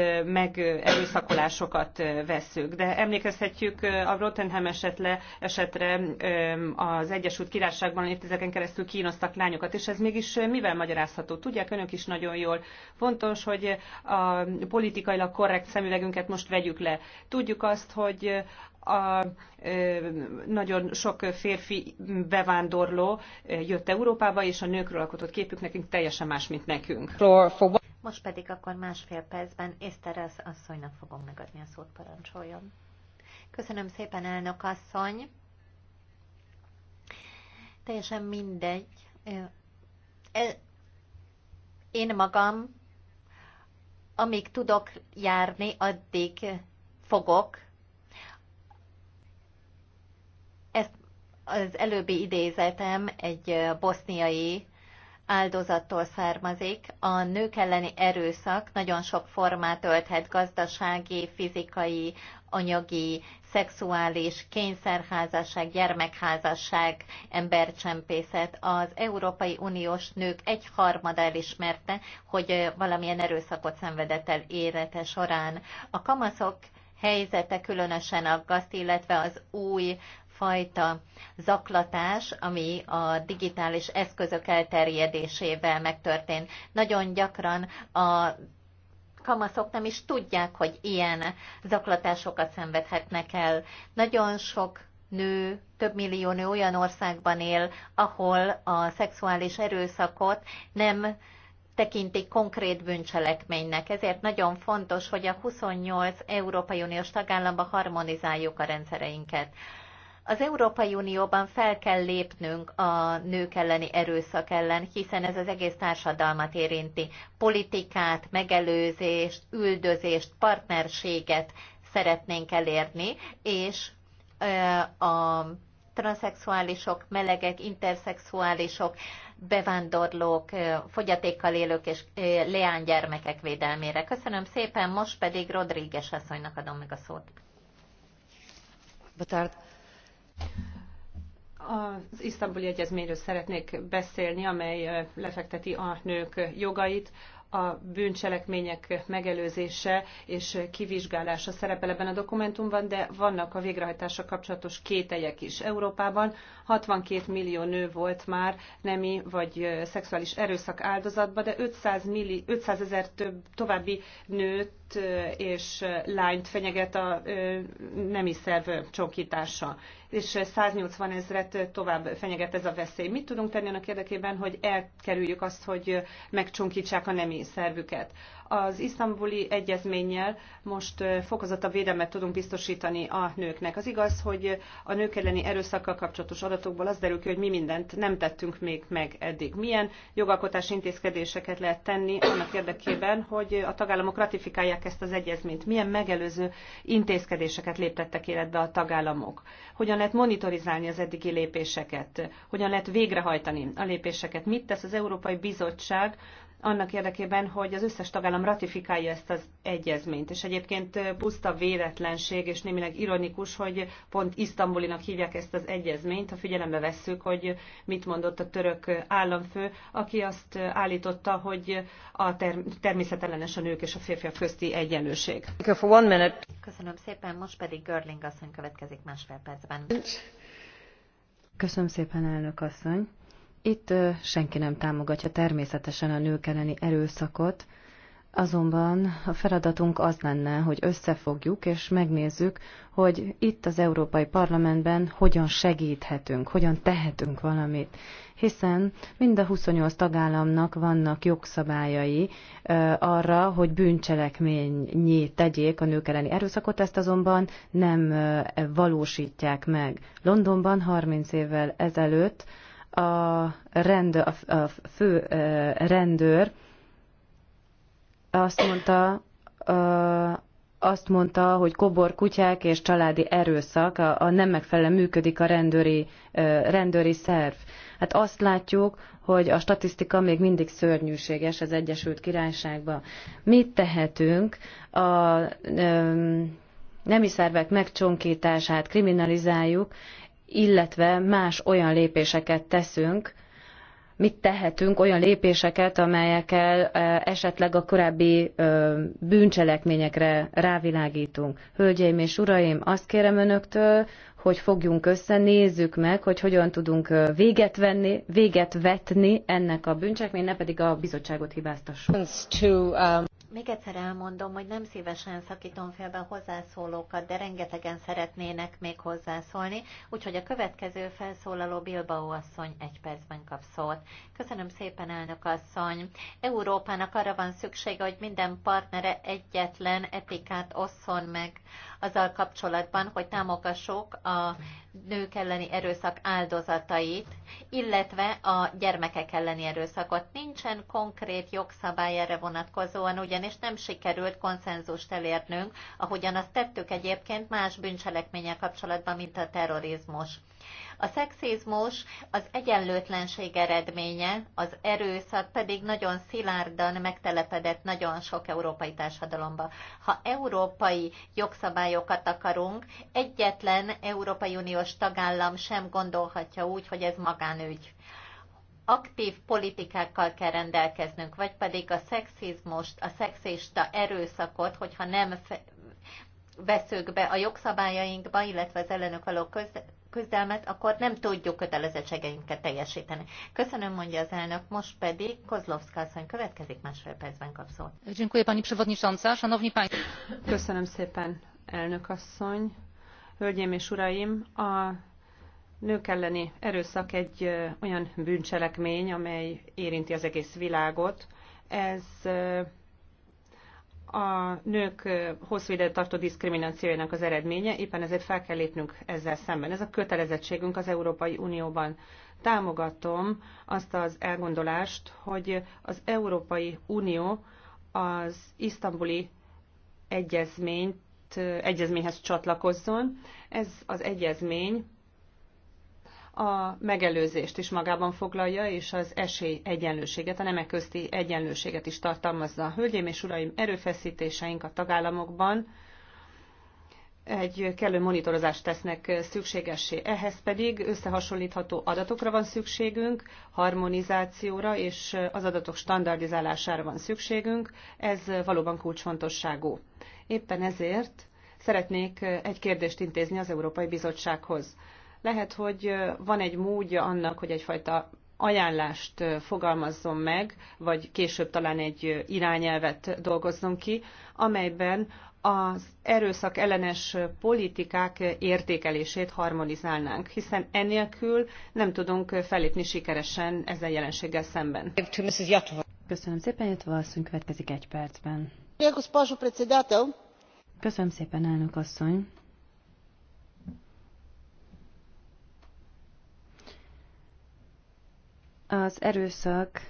erőszakolásokat veszük. De emlékezhetjük a Rottenham esetre, esetre az Egyesült Királyságban évtizedeken keresztül kínoztak lányokat, és ez mégis mivel magyarázható? Tudják önök is nagyon jól. Fontos, hogy a politikailag korrekt szemüvegünket most vegyük le. Tudjuk azt, hogy a, nagyon sok férfi bevándorló jött Európába, és a nőkről alkotott képük nekünk teljesen más, mint nekünk. Most pedig akkor másfél percben az asszonynak fogom megadni a szót, parancsoljon. Köszönöm szépen, elnök asszony. Teljesen mindegy. E, én magam, amíg tudok járni, addig fogok, az előbbi idézetem egy boszniai áldozattól származik. A nők elleni erőszak nagyon sok formát ölthet, gazdasági, fizikai, anyagi, szexuális, kényszerházasság, gyermekházasság, embercsempészet. Az Európai Uniós nők egy harmada elismerte, hogy valamilyen erőszakot szenvedett el élete során. A kamaszok helyzete különösen aggaszt, illetve az új fajta zaklatás, ami a digitális eszközök elterjedésével megtörtént. Nagyon gyakran a kamaszok nem is tudják, hogy ilyen zaklatásokat szenvedhetnek el. Nagyon sok nő, több millió nő olyan országban él, ahol a szexuális erőszakot nem tekintik konkrét bűncselekménynek. Ezért nagyon fontos, hogy a 28 Európai Uniós tagállamba harmonizáljuk a rendszereinket. Az Európai Unióban fel kell lépnünk a nők elleni erőszak ellen, hiszen ez az egész társadalmat érinti. Politikát, megelőzést, üldözést, partnerséget szeretnénk elérni, és a transzexuálisok, melegek, interszexuálisok, bevándorlók, fogyatékkal élők és leánygyermekek védelmére. Köszönöm szépen, most pedig Rodríguez asszonynak adom meg a szót. Boa tarde. Az isztambuli egyezményről szeretnék beszélni, amely lefekteti a nők jogait, a bűncselekmények megelőzése és kivizsgálása szerepel ebben a dokumentumban, de vannak a végrehajtása kapcsolatos kételyek is. Európában 62 millió nő volt már nemi vagy szexuális erőszak áldozatba, de 500, 500 ezer több további nőt nőt és lányt fenyeget a nemi szerv csonkítása, és 180 ezret tovább fenyeget ez a veszély. Mit tudunk tenni annak érdekében, hogy elkerüljük azt, hogy megcsonkítsák a nemi szervüket? Az isztambuli egyezménnyel most fokozott a védelmet tudunk biztosítani a nőknek. Az igaz, hogy a nők elleni erőszakkal kapcsolatos adatokból az derül ki, hogy mi mindent nem tettünk még meg eddig. Milyen jogalkotási intézkedéseket lehet tenni annak érdekében, hogy a tagállamok ratifikálják végrehajtják ezt az egyezményt? Milyen megelőző intézkedéseket léptettek életbe a tagállamok? Hogyan lehet monitorizálni az eddigi lépéseket? Hogyan lehet végrehajtani a lépéseket? Mit tesz az Európai Bizottság annak érdekében, hogy az összes tagállam ratifikálja ezt az egyezményt. És egyébként puszta véletlenség és némileg ironikus, hogy pont Isztambulinak hívják ezt az egyezményt, ha figyelembe vesszük, hogy mit mondott a török államfő, aki azt állította, hogy a ter- természetellenes a nők és a férfiak közti egyenlőség. Köszönöm szépen, most pedig Görling asszony következik másfél percben. Köszönöm szépen, elnök asszony. Itt senki nem támogatja természetesen a nők elleni erőszakot, azonban a feladatunk az lenne, hogy összefogjuk és megnézzük, hogy itt az Európai Parlamentben hogyan segíthetünk, hogyan tehetünk valamit. Hiszen mind a 28 tagállamnak vannak jogszabályai arra, hogy bűncselekményé tegyék a nők elleni erőszakot, ezt azonban nem valósítják meg. Londonban 30 évvel ezelőtt a, rendő, a, a fő rendőr azt mondta, azt mondta, hogy kobor kutyák és családi erőszak, a, a nem megfelelően működik a rendőri, rendőri szerv. Hát azt látjuk, hogy a statisztika még mindig szörnyűséges az Egyesült Királyságban. Mit tehetünk? A, nemi szervek megcsonkítását kriminalizáljuk, illetve más olyan lépéseket teszünk, mit tehetünk, olyan lépéseket, amelyekkel esetleg a korábbi bűncselekményekre rávilágítunk. Hölgyeim és uraim, azt kérem önöktől, hogy fogjunk össze, nézzük meg, hogy hogyan tudunk véget venni, véget vetni ennek a bűncselekménynek, ne pedig a bizottságot hibáztassuk. Um, még egyszer elmondom, hogy nem szívesen szakítom félbe a hozzászólókat, de rengetegen szeretnének még hozzászólni, úgyhogy a következő felszólaló Bilbao asszony egy percben kap szót. Köszönöm szépen, elnök asszony. Európának arra van szüksége, hogy minden partnere egyetlen etikát osszon meg azzal kapcsolatban, hogy támogassuk a nők elleni erőszak áldozatait, illetve a gyermekek elleni erőszakot. Nincsen konkrét jogszabály erre vonatkozóan, ugyanis nem sikerült konszenzust elérnünk, ahogyan azt tettük egyébként más bűncselekménnyel kapcsolatban, mint a terrorizmus. A szexizmus az egyenlőtlenség eredménye, az erőszak pedig nagyon szilárdan megtelepedett nagyon sok európai társadalomba. Ha európai jogszabályokat akarunk, egyetlen Európai Uniós tagállam sem gondolhatja úgy, hogy ez magánügy aktív politikákkal kell rendelkeznünk, vagy pedig a szexizmust, a szexista erőszakot, hogyha nem veszük be a jogszabályainkba, illetve az ellenük való köz- küzdelmet, akkor nem tudjuk kötelezettségeinket teljesíteni. Köszönöm, mondja az elnök, most pedig Kozlovszka asszony következik, másfél percben kap szót. Köszönöm szépen, elnök asszony. Hölgyeim és uraim, a nők elleni erőszak egy olyan bűncselekmény, amely érinti az egész világot. Ez a nők hosszú ide tartó diszkriminációjának az eredménye, éppen ezért fel kell lépnünk ezzel szemben. Ez a kötelezettségünk az Európai Unióban. Támogatom azt az elgondolást, hogy az Európai Unió az isztambuli egyezményt, egyezményhez csatlakozzon. Ez az egyezmény a megelőzést is magában foglalja, és az esély egyenlőséget, a nemek közti egyenlőséget is tartalmazza. Hölgyeim és uraim, erőfeszítéseink a tagállamokban egy kellő monitorozást tesznek szükségessé. Ehhez pedig összehasonlítható adatokra van szükségünk, harmonizációra és az adatok standardizálására van szükségünk. Ez valóban kulcsfontosságú. Éppen ezért szeretnék egy kérdést intézni az Európai Bizottsághoz. Lehet, hogy van egy módja annak, hogy egyfajta ajánlást fogalmazzon meg, vagy később talán egy irányelvet dolgozzon ki, amelyben az erőszak ellenes politikák értékelését harmonizálnánk, hiszen enélkül nem tudunk felépni sikeresen ezzel jelenséggel szemben. Köszönöm szépen, hogy asszony következik egy percben. Köszönöm szépen, elnök asszony. Az erőszak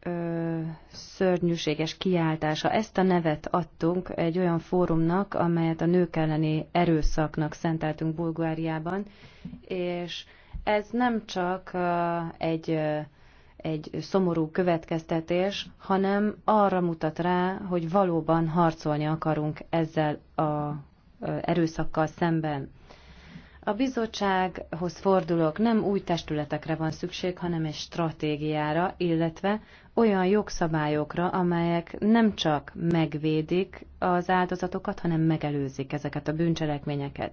ö, szörnyűséges kiáltása. Ezt a nevet adtunk egy olyan fórumnak, amelyet a nők elleni erőszaknak szenteltünk Bulgáriában, és ez nem csak ö, egy ö, egy szomorú következtetés, hanem arra mutat rá, hogy valóban harcolni akarunk ezzel az erőszakkal szemben. A bizottsághoz fordulók nem új testületekre van szükség, hanem egy stratégiára, illetve olyan jogszabályokra, amelyek nem csak megvédik az áldozatokat, hanem megelőzik ezeket a bűncselekményeket.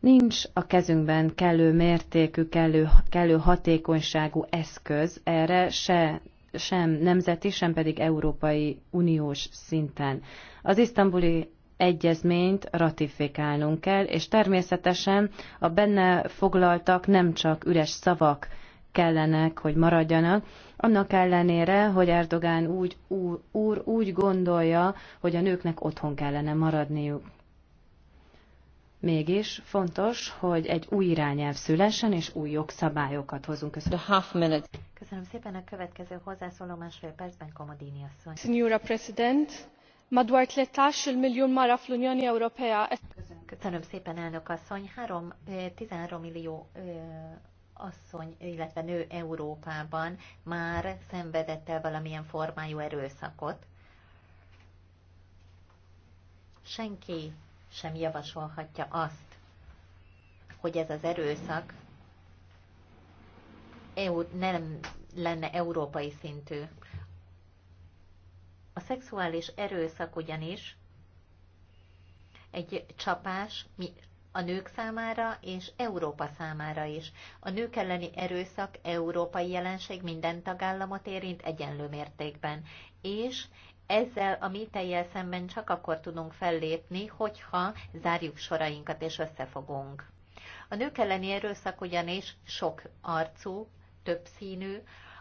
Nincs a kezünkben kellő mértékű, kellő, kellő hatékonyságú eszköz erre, se sem nemzeti, sem pedig európai uniós szinten. Az isztambuli egyezményt ratifikálnunk kell, és természetesen a benne foglaltak nem csak üres szavak kellenek, hogy maradjanak, annak ellenére, hogy Erdogán úgy, úr, úr úgy gondolja, hogy a nőknek otthon kellene maradniuk. Mégis fontos, hogy egy új irányelv szülessen, és új jogszabályokat hozunk. Köszönöm. The half minute. Köszönöm szépen a következő hozzászóló másfél percben Komodini asszony. Signora President, madwar 13 miljun mara fl europea. Köszönöm szépen, elnök asszony. 3, 13 millió asszony, illetve nő Európában már szenvedett el valamilyen formájú erőszakot. Senki sem javasolhatja azt, hogy ez az erőszak EU, nem lenne európai szintű szexuális erőszak ugyanis egy csapás a nők számára és Európa számára is. A nők elleni erőszak európai jelenség minden tagállamot érint egyenlő mértékben, és ezzel a mítejjel szemben csak akkor tudunk fellépni, hogyha zárjuk sorainkat és összefogunk. A nők elleni erőszak ugyanis sok arcú, több színű,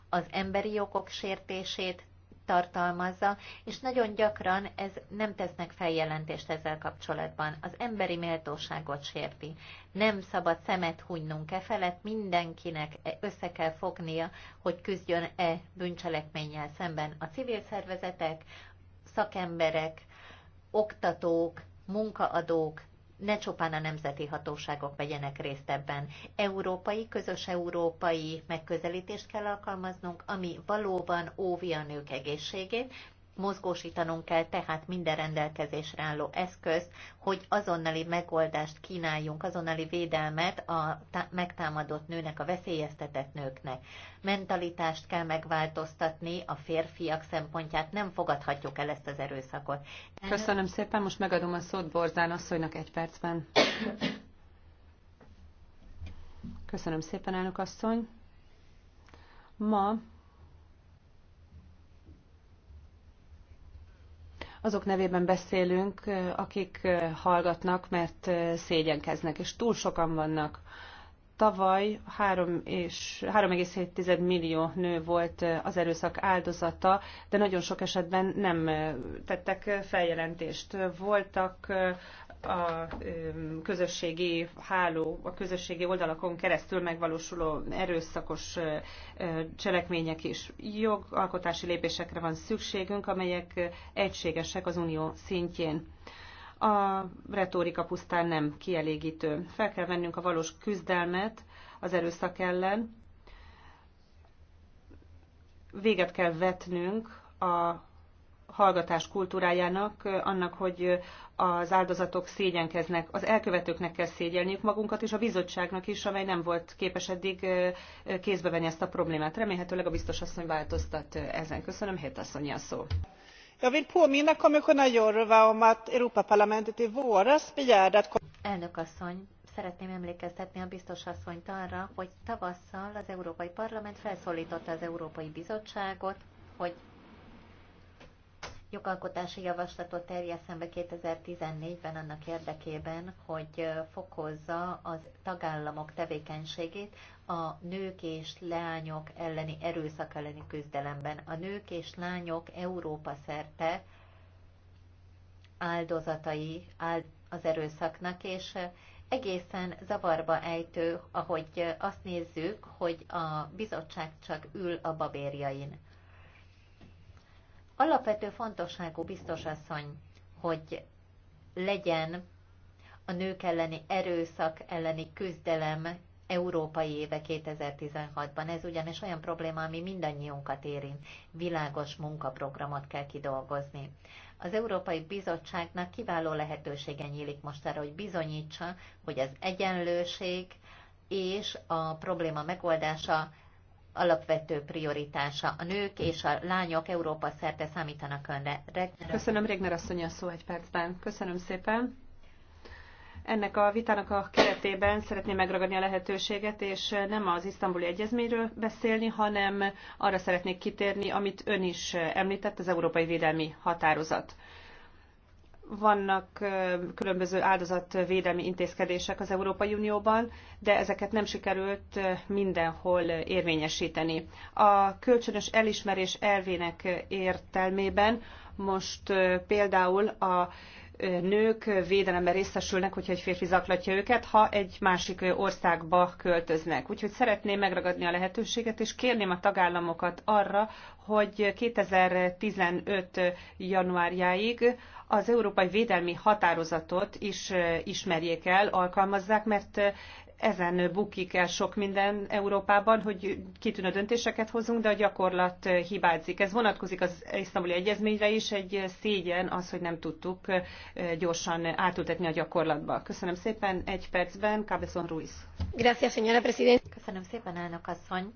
az emberi jogok sértését, tartalmazza, és nagyon gyakran ez nem tesznek feljelentést ezzel kapcsolatban. Az emberi méltóságot sérti. Nem szabad szemet hunynunk e felett, mindenkinek e össze kell fognia, hogy küzdjön e bűncselekménnyel szemben a civil szervezetek, szakemberek, oktatók, munkaadók, ne csupán a nemzeti hatóságok vegyenek részt ebben. Európai, közös európai megközelítést kell alkalmaznunk, ami valóban óvja a nők egészségét, mozgósítanunk kell tehát minden rendelkezésre álló eszközt, hogy azonnali megoldást kínáljunk, azonnali védelmet a megtámadott nőnek, a veszélyeztetett nőknek. Mentalitást kell megváltoztatni, a férfiak szempontját nem fogadhatjuk el ezt az erőszakot. Köszönöm szépen, most megadom a szót Borzán asszonynak egy percben. Köszönöm szépen, elnök asszony. Ma azok nevében beszélünk, akik hallgatnak, mert szégyenkeznek, és túl sokan vannak. Tavaly 3,7 millió nő volt az erőszak áldozata, de nagyon sok esetben nem tettek feljelentést. Voltak a közösségi háló, a közösségi oldalakon keresztül megvalósuló erőszakos cselekmények is. Jogalkotási lépésekre van szükségünk, amelyek egységesek az unió szintjén. A retorika pusztán nem kielégítő. Fel kell vennünk a valós küzdelmet az erőszak ellen. Véget kell vetnünk a hallgatás kultúrájának, annak, hogy az áldozatok szégyenkeznek, az elkövetőknek kell szégyelniük magunkat, és a bizottságnak is, amely nem volt képes eddig kézbe venni ezt a problémát. Remélhetőleg a biztos asszony változtat ezen. Köszönöm, Hét asszony a szó. Jag vill påminna kommissionär om att Europaparlamentet i våras begärde att... Elnök asszony, szeretném emlékeztetni a biztos asszonyt arra, hogy tavasszal az Európai Parlament felszólította az Európai Bizottságot, hogy jogalkotási javaslatot terjeszem be 2014-ben annak érdekében, hogy fokozza az tagállamok tevékenységét a nők és lányok elleni erőszak elleni küzdelemben. A nők és lányok Európa szerte áldozatai az erőszaknak, és egészen zavarba ejtő, ahogy azt nézzük, hogy a bizottság csak ül a babérjain. Alapvető fontosságú biztos asszony, hogy legyen a nők elleni erőszak elleni küzdelem európai éve 2016-ban. Ez ugyanis olyan probléma, ami mindannyiunkat érint. Világos munkaprogramot kell kidolgozni. Az Európai Bizottságnak kiváló lehetősége nyílik most arra, hogy bizonyítsa, hogy az egyenlőség és a probléma megoldása alapvető prioritása. A nők és a lányok Európa szerte számítanak önre. Regner... Köszönöm, Régner asszony, a szó egy percben. Köszönöm szépen. Ennek a vitának a keretében szeretném megragadni a lehetőséget, és nem az isztambuli egyezményről beszélni, hanem arra szeretnék kitérni, amit ön is említett, az Európai Védelmi Határozat vannak különböző áldozatvédelmi intézkedések az Európai Unióban, de ezeket nem sikerült mindenhol érvényesíteni. A kölcsönös elismerés elvének értelmében most például a nők védelemben részesülnek, hogyha egy férfi zaklatja őket, ha egy másik országba költöznek. Úgyhogy szeretném megragadni a lehetőséget, és kérném a tagállamokat arra, hogy 2015. januárjáig az európai védelmi határozatot is ismerjék el, alkalmazzák, mert ezen bukik el sok minden Európában, hogy kitűnő döntéseket hozunk, de a gyakorlat hibázik. Ez vonatkozik az isztambuli egyezményre is, egy szégyen az, hogy nem tudtuk gyorsan átültetni a gyakorlatba. Köszönöm szépen, egy percben, Cabezon Ruiz. presidente. Köszönöm szépen, elnök asszony.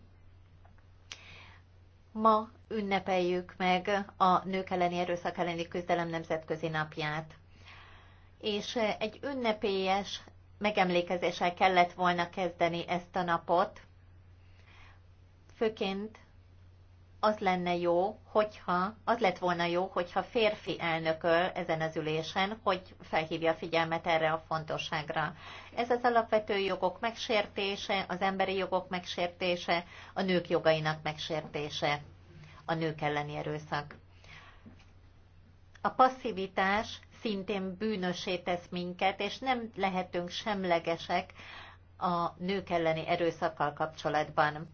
Ma ünnepeljük meg a nők elleni erőszak elleni küzdelem nemzetközi napját. És egy ünnepélyes megemlékezéssel kellett volna kezdeni ezt a napot, főként az lenne jó, hogyha, az lett volna jó, hogyha férfi elnököl ezen az ülésen, hogy felhívja a figyelmet erre a fontosságra. Ez az alapvető jogok megsértése, az emberi jogok megsértése, a nők jogainak megsértése, a nők elleni erőszak. A passzivitás szintén bűnösé tesz minket, és nem lehetünk semlegesek a nők elleni erőszakkal kapcsolatban.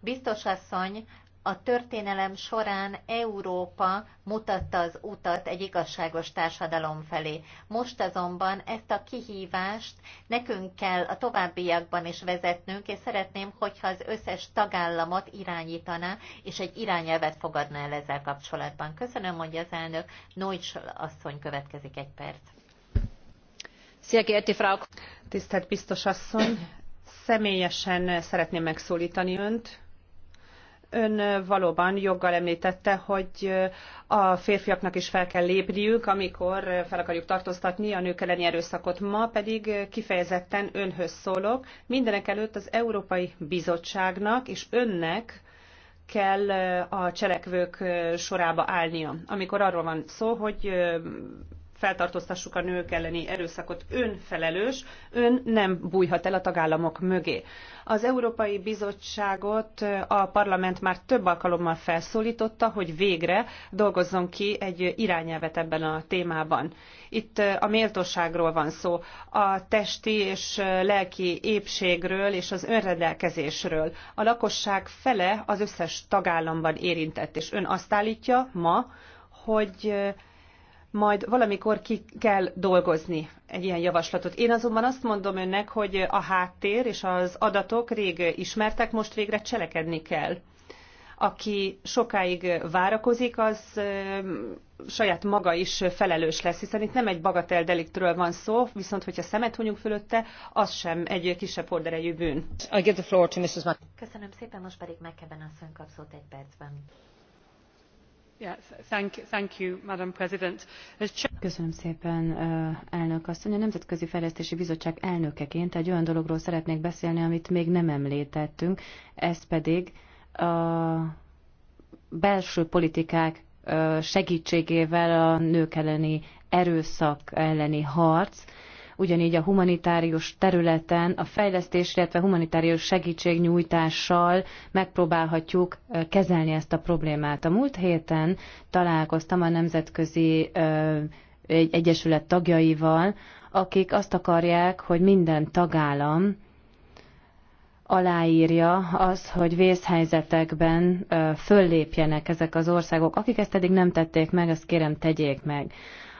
Biztos asszony, a történelem során Európa mutatta az utat egy igazságos társadalom felé. Most azonban ezt a kihívást nekünk kell a továbbiakban is vezetnünk, és szeretném, hogyha az összes tagállamot irányítaná, és egy irányelvet fogadná el ezzel kapcsolatban. Köszönöm, mondja az elnök. Noics asszony következik egy perc. Szia, Gerti Frau. Tisztelt biztos asszony, személyesen szeretném megszólítani önt, Ön valóban joggal említette, hogy a férfiaknak is fel kell lépniük, amikor fel akarjuk tartóztatni a nők elleni erőszakot. Ma pedig kifejezetten önhöz szólok. Mindenek előtt az Európai Bizottságnak és önnek kell a cselekvők sorába állnia. Amikor arról van szó, hogy feltartóztassuk a nők elleni erőszakot. Ön felelős, ön nem bújhat el a tagállamok mögé. Az Európai Bizottságot a parlament már több alkalommal felszólította, hogy végre dolgozzon ki egy irányelvet ebben a témában. Itt a méltóságról van szó, a testi és lelki épségről és az önrendelkezésről. A lakosság fele az összes tagállamban érintett, és ön azt állítja ma, hogy majd valamikor ki kell dolgozni egy ilyen javaslatot. Én azonban azt mondom önnek, hogy a háttér és az adatok rég ismertek, most végre cselekedni kell. Aki sokáig várakozik, az saját maga is felelős lesz, hiszen itt nem egy bagatel deliktről van szó, viszont hogyha szemet hunyunk fölötte, az sem egy kisebb orderejű bűn. I give the floor to Mrs. Köszönöm szépen, most pedig megkeben a szönkapszót egy percben. Köszönöm szépen, uh, elnök asszony. A Nemzetközi Fejlesztési Bizottság elnökeként egy olyan dologról szeretnék beszélni, amit még nem említettünk, ez pedig a belső politikák uh, segítségével a nők elleni erőszak elleni harc ugyanígy a humanitárius területen a fejlesztés, illetve humanitárius segítségnyújtással megpróbálhatjuk kezelni ezt a problémát. A múlt héten találkoztam a nemzetközi egy egyesület tagjaival, akik azt akarják, hogy minden tagállam aláírja az, hogy vészhelyzetekben föllépjenek ezek az országok. Akik ezt eddig nem tették meg, azt kérem tegyék meg.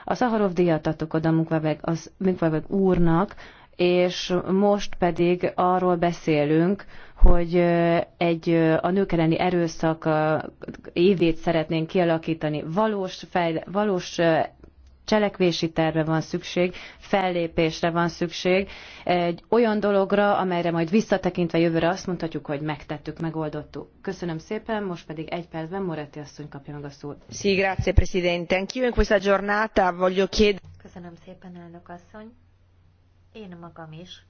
A Szaharov díjat adtuk oda Mukwege, az, úrnak, és most pedig arról beszélünk, hogy egy a nők elleni erőszak évét szeretnénk kialakítani. Valós, fejl, valós cselekvési terve van szükség, fellépésre van szükség, egy olyan dologra, amelyre majd visszatekintve jövőre azt mondhatjuk, hogy megtettük, megoldottuk. Köszönöm szépen, most pedig egy percben Moretti asszony kapja meg a szót. Sì, grazie Presidente. Anch'io in questa giornata voglio chiedere... Köszönöm szépen, elnök asszony. Én magam is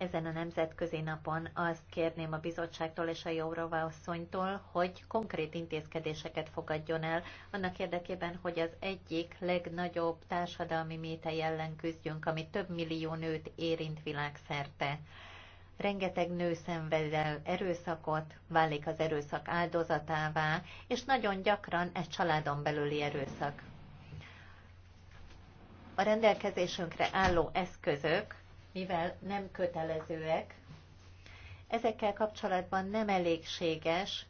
ezen a nemzetközi napon azt kérném a bizottságtól és a Jóróva asszonytól, hogy konkrét intézkedéseket fogadjon el, annak érdekében, hogy az egyik legnagyobb társadalmi méte ellen küzdjünk, ami több millió nőt érint világszerte. Rengeteg nő szenved el erőszakot, válik az erőszak áldozatává, és nagyon gyakran ez családon belüli erőszak. A rendelkezésünkre álló eszközök, mivel nem kötelezőek, ezekkel kapcsolatban nem elégséges,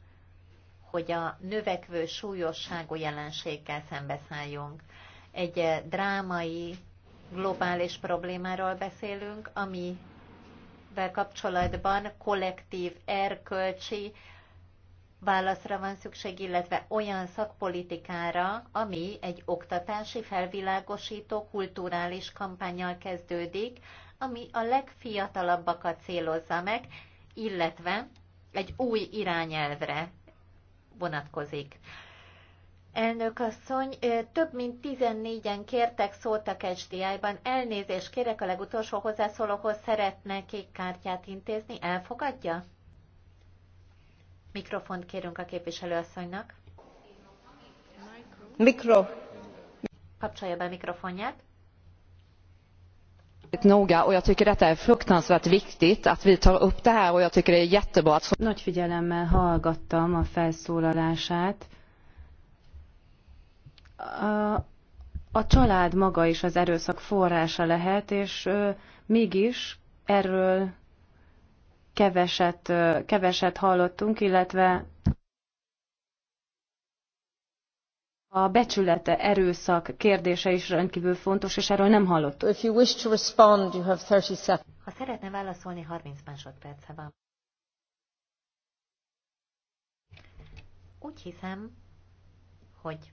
hogy a növekvő súlyosságú jelenséggel szembeszálljunk. Egy eh, drámai, globális problémáról beszélünk, amivel kapcsolatban kollektív, erkölcsi, válaszra van szükség, illetve olyan szakpolitikára, ami egy oktatási, felvilágosító, kulturális kampányjal kezdődik, ami a legfiatalabbakat célozza meg, illetve egy új irányelvre vonatkozik. Elnök asszony, több mint 14-en kértek szót a KSDI-ban. Elnézést kérek, a legutolsó hozzászólóhoz szeretne kék kártyát intézni. Elfogadja? Mikrofont kérünk a képviselőasszonynak. Mikro. Kapcsolja be a mikrofonját. Nagy figyelemmel hallgattam a felszólalását. A, a család maga is az erőszak forrása lehet, és ö, mégis erről keveset, ö, keveset hallottunk, illetve a becsülete, erőszak kérdése is rendkívül fontos, és erről nem hallott. If you wish to respond, you have 30 Ha szeretne válaszolni, 30 másodperce van. Úgy hiszem, hogy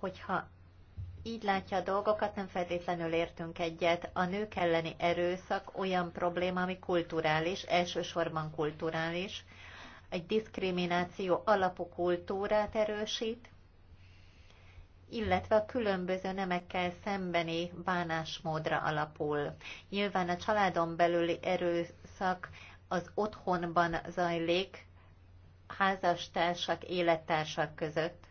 hogyha így látja a dolgokat, nem feltétlenül értünk egyet. A nők elleni erőszak olyan probléma, ami kulturális, elsősorban kulturális, egy diszkrimináció alapú kultúrát erősít, illetve a különböző nemekkel szembeni bánásmódra alapul. Nyilván a családon belüli erőszak az otthonban zajlik, házastársak, élettársak között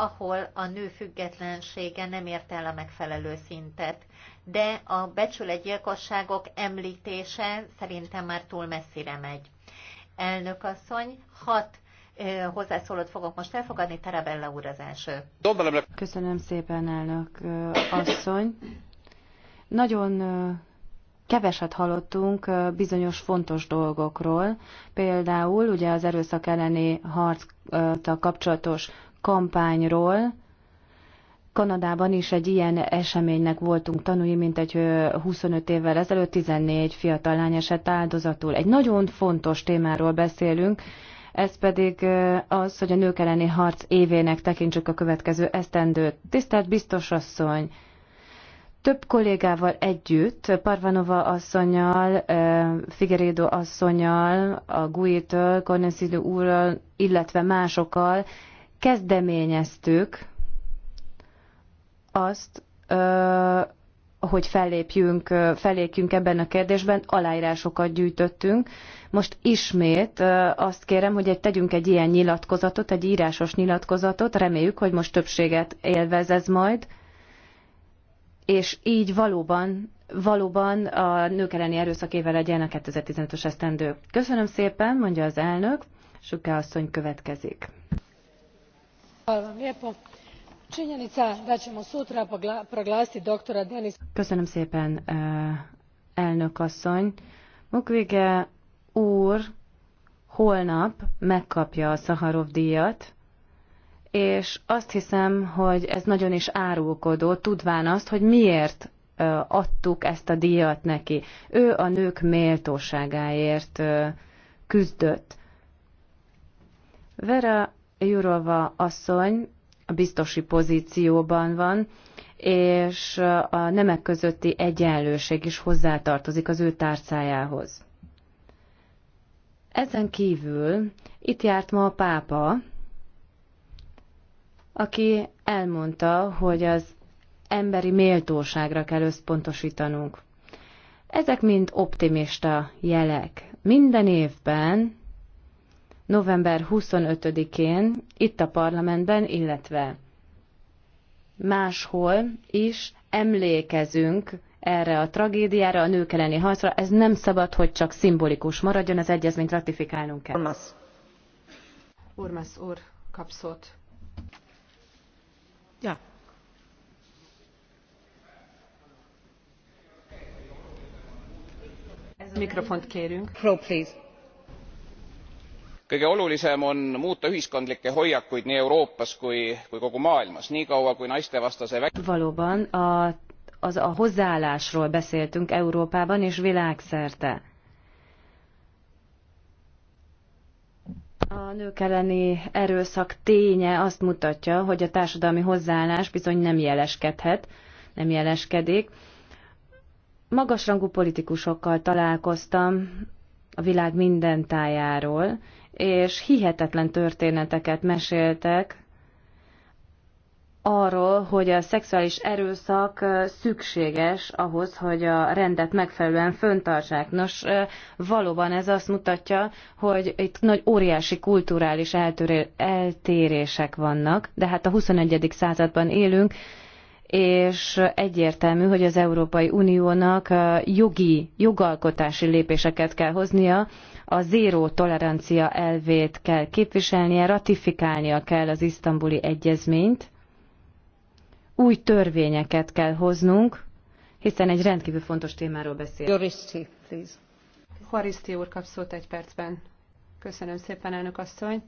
ahol a nő függetlensége nem ért el a megfelelő szintet. De a becsületgyilkosságok említése szerintem már túl messzire megy. Elnök asszony, hat hozzászólót fogok most elfogadni, Terabella úr az első. Köszönöm szépen, elnök asszony. Nagyon keveset hallottunk bizonyos fontos dolgokról, például ugye az erőszak elleni harc kapcsolatos kampányról. Kanadában is egy ilyen eseménynek voltunk tanúi, mint egy 25 évvel ezelőtt 14 fiatal lány esett áldozatul. Egy nagyon fontos témáról beszélünk, ez pedig az, hogy a nők elleni harc évének tekintsük a következő esztendőt. Tisztelt biztos asszony, több kollégával együtt, Parvanova asszonyal, Figueredo asszonyal, a Gui-től, úrral, illetve másokkal kezdeményeztük azt, hogy fellépjünk, fellépjünk ebben a kérdésben, aláírásokat gyűjtöttünk. Most ismét azt kérem, hogy egy, tegyünk egy ilyen nyilatkozatot, egy írásos nyilatkozatot, reméljük, hogy most többséget élvez ez majd, és így valóban valóban a nők elleni erőszakével legyen a 2015-ös esztendő. Köszönöm szépen, mondja az elnök, Suká asszony következik činjenica da ćemo sutra proglasiti Denisa... Köszönöm szépen, eh, elnök asszony. Mukwege úr holnap megkapja a Szaharov díjat, és azt hiszem, hogy ez nagyon is árulkodó, tudván azt, hogy miért eh, adtuk ezt a díjat neki. Ő a nők méltóságáért eh, küzdött. Vera Jurova asszony a biztosi pozícióban van, és a nemek közötti egyenlőség is hozzátartozik az ő tárcájához. Ezen kívül itt járt ma a pápa, aki elmondta, hogy az emberi méltóságra kell összpontosítanunk. Ezek mind optimista jelek. Minden évben november 25-én itt a parlamentben, illetve máshol is emlékezünk erre a tragédiára, a nők elleni harcra. Ez nem szabad, hogy csak szimbolikus maradjon, az egyezményt ratifikálnunk kell. Ormasz. Ormasz úr kap Ja. Mikrofont kérünk. Pro, please kõige olulisem on muuta ühiskondlikke hoiakuid nii euroopas kui kogu maailmas niikaua kui naistevastase väg- valóban a, az a hozzáállásról beszéltünk európában és világszerte A nők elleni erőszak ténye azt mutatja, hogy a társadalmi hozzáállás bizony nem jeleskedhet, nem jeleskedik. Magasrangú politikusokkal találkoztam a világ minden tájáról, és hihetetlen történeteket meséltek arról, hogy a szexuális erőszak szükséges ahhoz, hogy a rendet megfelelően föntartsák. Nos, valóban ez azt mutatja, hogy itt nagy óriási kulturális eltérések vannak, de hát a 21. században élünk, és egyértelmű, hogy az Európai Uniónak jogi, jogalkotási lépéseket kell hoznia, a zéró tolerancia elvét kell képviselnie, ratifikálnia kell az isztambuli egyezményt, új törvényeket kell hoznunk, hiszen egy rendkívül fontos témáról beszélünk. Juristi, please. Hariszti úr kap szót egy percben. Köszönöm szépen, elnök asszony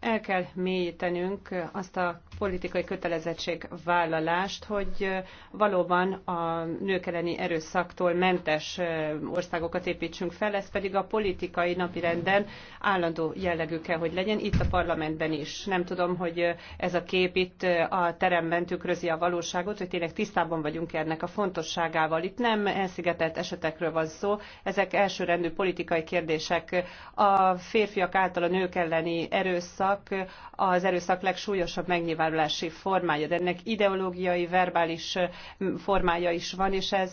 el kell mélyítenünk azt a politikai kötelezettségvállalást, hogy valóban a nők elleni erőszaktól mentes országokat építsünk fel, ez pedig a politikai napirenden állandó jellegű kell, hogy legyen, itt a parlamentben is. Nem tudom, hogy ez a kép itt a teremben tükrözi a valóságot, hogy tényleg tisztában vagyunk ennek a fontosságával. Itt nem elszigetelt esetekről van szó, ezek elsőrendű politikai kérdések. A férfiak által a nők elleni erőszak, erőszak az erőszak legsúlyosabb megnyilvánulási formája, de ennek ideológiai, verbális mm, formája is van, és ez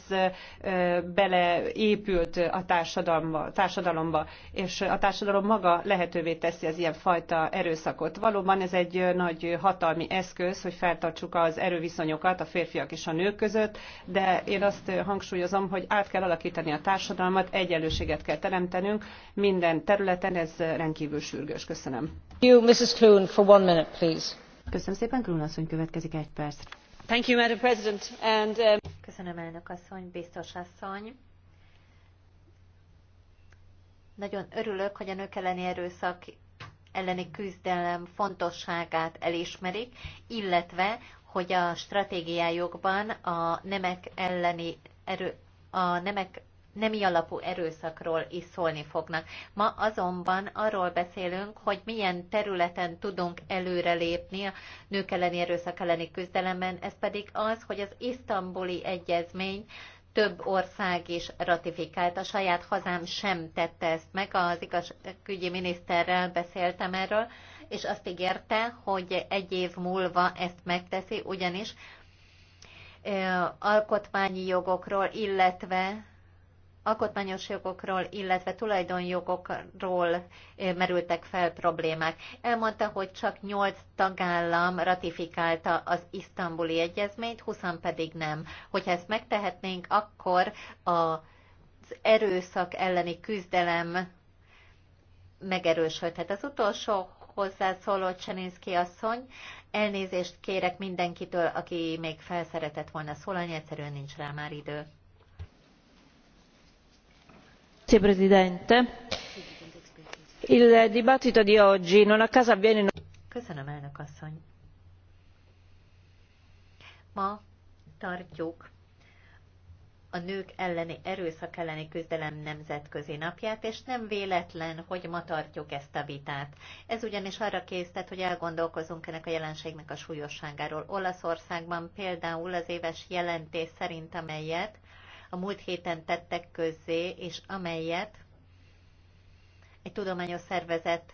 beleépült a társadalomba, társadalomba és a társadalom maga lehetővé teszi az fajta erőszakot. Valóban ez egy nagy hatalmi eszköz, hogy feltartsuk az erőviszonyokat a férfiak és a nők között, de én azt hangsúlyozom, hogy át kell alakítani a társadalmat, egyenlőséget kell teremtenünk minden területen, ez rendkívül sürgős. Köszönöm. Mrs. for one minute, please. Köszönöm szépen, asszony következik egy Thank you, Madam President. Uh, Nagyon örülök, hogy a nők elleni erőszak elleni küzdelem fontosságát elismerik, illetve, hogy a stratégiájukban a nemek elleni erő, a nemek nemi alapú erőszakról is szólni fognak. Ma azonban arról beszélünk, hogy milyen területen tudunk előrelépni a nők elleni erőszak elleni küzdelemben, ez pedig az, hogy az isztambuli egyezmény több ország is ratifikált. A saját hazám sem tette ezt meg, az igazságügyi miniszterrel beszéltem erről, és azt ígérte, hogy egy év múlva ezt megteszi, ugyanis alkotmányi jogokról, illetve alkotmányos jogokról, illetve tulajdonjogokról merültek fel problémák. Elmondta, hogy csak 8 tagállam ratifikálta az isztambuli egyezményt, 20 pedig nem. Hogyha ezt megtehetnénk, akkor az erőszak elleni küzdelem megerősödhet. Az utolsó hozzászóló Cseninszki asszony, elnézést kérek mindenkitől, aki még felszeretett volna szólani, egyszerűen nincs rá már idő signor presidente onorevoli colleghi il dibattito di oggi non a caso avviene. ma tartjuk a nők elleni erőszak elleni küzdelem nemzetközi napját, és nem véletlen, hogy ma tartjuk ezt a vitát. Ez ugyanis arra késztet, hogy elgondolkozunk ennek a jelenségnek a súlyosságáról. Olaszországban például az éves jelentés szerint, amelyet a múlt héten tettek közzé, és amelyet egy tudományos szervezet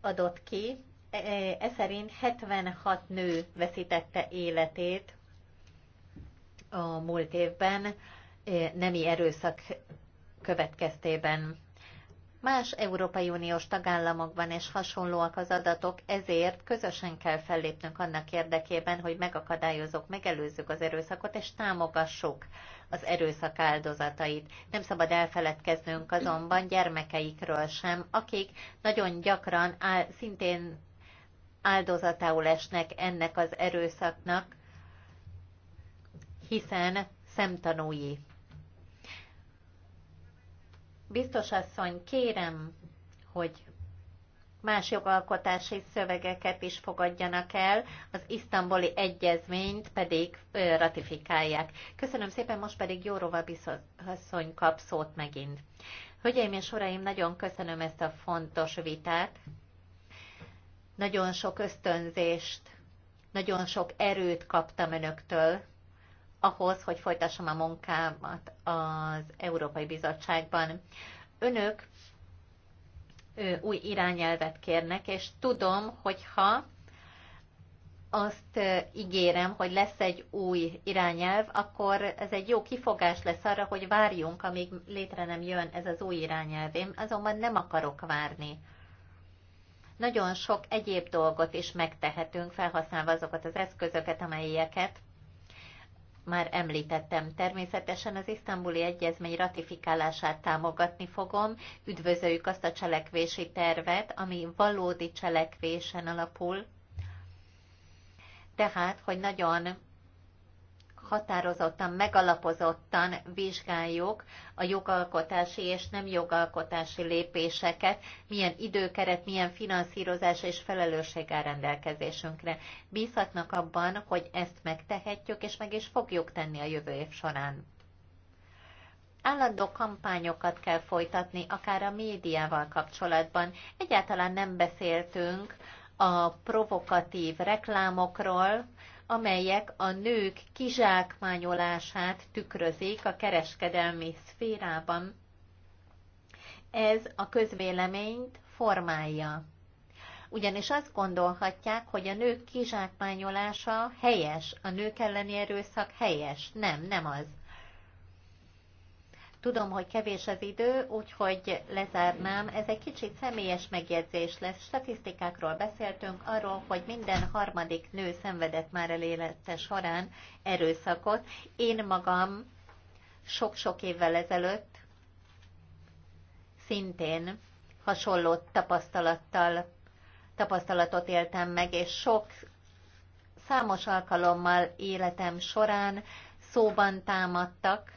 adott ki. Ez e, e szerint 76 nő veszítette életét a múlt évben e, nemi erőszak következtében. Más Európai Uniós tagállamokban is hasonlóak az adatok, ezért közösen kell fellépnünk annak érdekében, hogy megakadályozok, megelőzzük az erőszakot, és támogassuk az erőszak áldozatait. Nem szabad elfeledkeznünk azonban gyermekeikről sem, akik nagyon gyakran áll, szintén áldozatául esnek ennek az erőszaknak, hiszen szemtanúi Biztos asszony, kérem, hogy más jogalkotási szövegeket is fogadjanak el, az isztambuli egyezményt pedig ratifikálják. Köszönöm szépen, most pedig Jórova asszony kap szót megint. Hölgyeim és uraim, nagyon köszönöm ezt a fontos vitát. Nagyon sok ösztönzést, nagyon sok erőt kaptam önöktől, ahhoz, hogy folytassam a munkámat az Európai Bizottságban. Önök új irányelvet kérnek, és tudom, hogyha azt ígérem, hogy lesz egy új irányelv, akkor ez egy jó kifogás lesz arra, hogy várjunk, amíg létre nem jön ez az új irányelv. Én azonban nem akarok várni. Nagyon sok egyéb dolgot is megtehetünk, felhasználva azokat az eszközöket, amelyeket már említettem, természetesen az isztambuli egyezmény ratifikálását támogatni fogom. Üdvözöljük azt a cselekvési tervet, ami valódi cselekvésen alapul. Tehát, hogy nagyon határozottan, megalapozottan vizsgáljuk a jogalkotási és nem jogalkotási lépéseket, milyen időkeret, milyen finanszírozás és felelősség áll rendelkezésünkre. Bízhatnak abban, hogy ezt megtehetjük, és meg is fogjuk tenni a jövő év során. Állandó kampányokat kell folytatni, akár a médiával kapcsolatban. Egyáltalán nem beszéltünk a provokatív reklámokról, amelyek a nők kizsákmányolását tükrözik a kereskedelmi szférában. Ez a közvéleményt formálja. Ugyanis azt gondolhatják, hogy a nők kizsákmányolása helyes, a nők elleni erőszak helyes. Nem, nem az. Tudom, hogy kevés az idő, úgyhogy lezárnám. Ez egy kicsit személyes megjegyzés lesz. Statisztikákról beszéltünk arról, hogy minden harmadik nő szenvedett már el élete során erőszakot. Én magam sok-sok évvel ezelőtt szintén hasonló tapasztalattal tapasztalatot éltem meg, és sok számos alkalommal életem során szóban támadtak,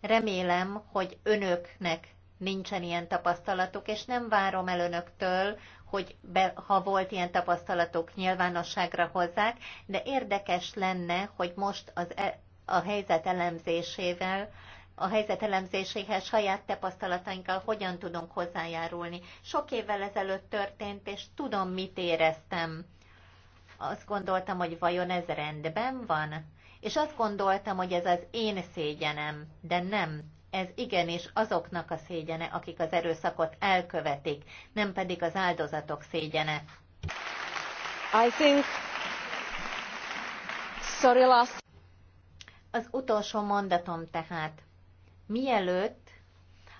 Remélem, hogy önöknek nincsen ilyen tapasztalatuk, és nem várom el önöktől, hogy be, ha volt ilyen tapasztalatok, nyilvánosságra hozzák, de érdekes lenne, hogy most az, e, a helyzet elemzésével, a helyzet elemzéséhez saját tapasztalatainkkal hogyan tudunk hozzájárulni. Sok évvel ezelőtt történt, és tudom, mit éreztem. Azt gondoltam, hogy vajon ez rendben van? és azt gondoltam, hogy ez az én szégyenem, de nem. Ez igenis azoknak a szégyene, akik az erőszakot elkövetik, nem pedig az áldozatok szégyene. I think... Sorry, last... Az utolsó mondatom tehát. Mielőtt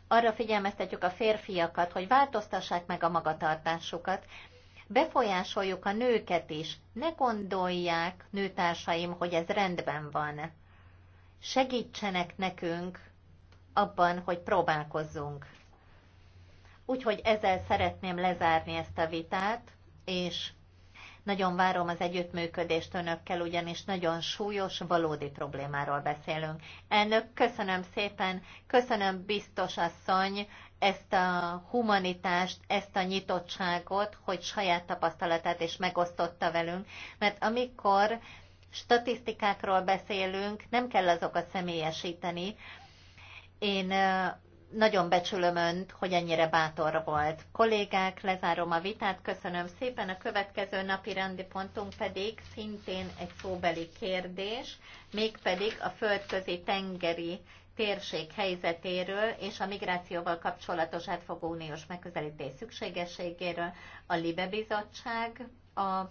arra figyelmeztetjük a férfiakat, hogy változtassák meg a magatartásukat, befolyásoljuk a nőket is. Ne gondolják, nőtársaim, hogy ez rendben van. Segítsenek nekünk abban, hogy próbálkozzunk. Úgyhogy ezzel szeretném lezárni ezt a vitát, és nagyon várom az együttműködést önökkel, ugyanis nagyon súlyos, valódi problémáról beszélünk. Elnök, köszönöm szépen, köszönöm biztos asszony, ezt a humanitást, ezt a nyitottságot, hogy saját tapasztalatát is megosztotta velünk, mert amikor statisztikákról beszélünk, nem kell azokat személyesíteni. Én nagyon becsülöm Önt, hogy ennyire bátor volt. Kollégák, lezárom a vitát, köszönöm szépen. A következő napi rendi pontunk pedig szintén egy szóbeli kérdés, mégpedig a földközi tengeri térség helyzetéről és a migrációval kapcsolatos átfogó uniós megközelítés szükségességéről. A Libe Bizottság a